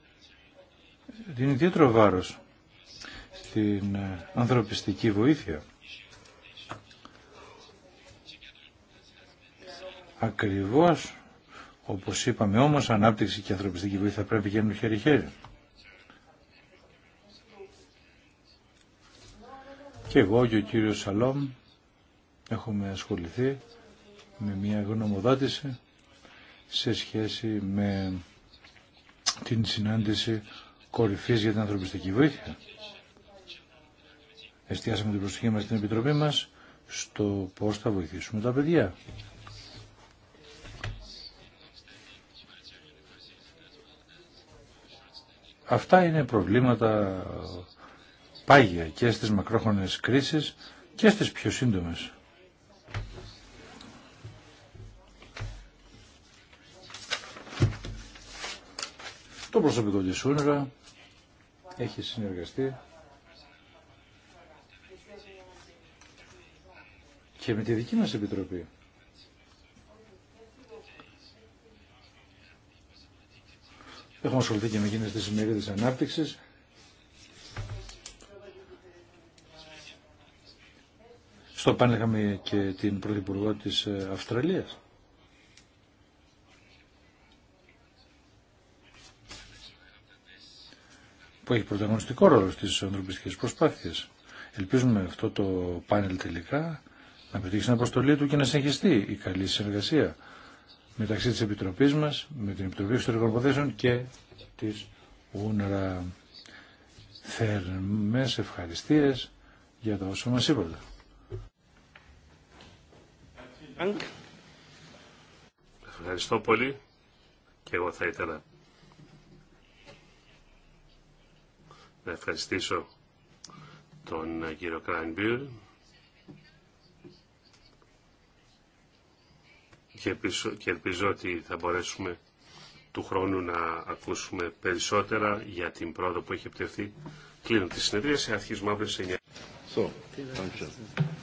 δίνει ιδιαίτερο βάρος στην ε, ανθρωπιστική βοήθεια. Ακριβώς, όπως είπαμε όμως, ανάπτυξη και ανθρωπιστική βοήθεια πρέπει να γινουν χερι χέρι-χέρι. Και εγώ και ο κύριος Σαλόμ έχουμε ασχοληθεί με μια γνωμοδότηση σε σχέση με την συνάντηση κορυφής για την ανθρωπιστική βοήθεια. Εστιάσαμε την προσοχή μας στην Επιτροπή μας στο πώς θα βοηθήσουμε τα παιδιά. Αυτά είναι προβλήματα πάγια και στις μακρόχρονες κρίσεις και στις πιο σύντομες. Το προσωπικό της Σούνερα έχει συνεργαστεί και με τη δική μας Επιτροπή. Έχουμε ασχοληθεί και με εκείνες τις ημερίδες ανάπτυξης. Στο πάνε είχαμε και την Πρωθυπουργό της ε, Αυστραλίας. που έχει πρωταγωνιστικό ρόλο στις ανθρωπιστικές προσπάθειες. Ελπίζουμε αυτό το πάνελ τελικά να πετύχει στην αποστολή του και να συνεχιστεί η καλή συνεργασία μεταξύ της Επιτροπής μας, με την Επιτροπή Εξωτερικών Υποθέσεων και της ούνερα Θερμές ευχαριστίες για τα όσα μας είπατε. Ευχαριστώ πολύ και εγώ θα ήθελα να ευχαριστήσω τον κύριο Κράινμπιουρ και, και ελπίζω ότι θα μπορέσουμε του χρόνου να ακούσουμε περισσότερα για την πρόοδο που έχει επιτευχθεί. Κλείνω τη συνεδρία αρχίζουμε αύριο σε 9.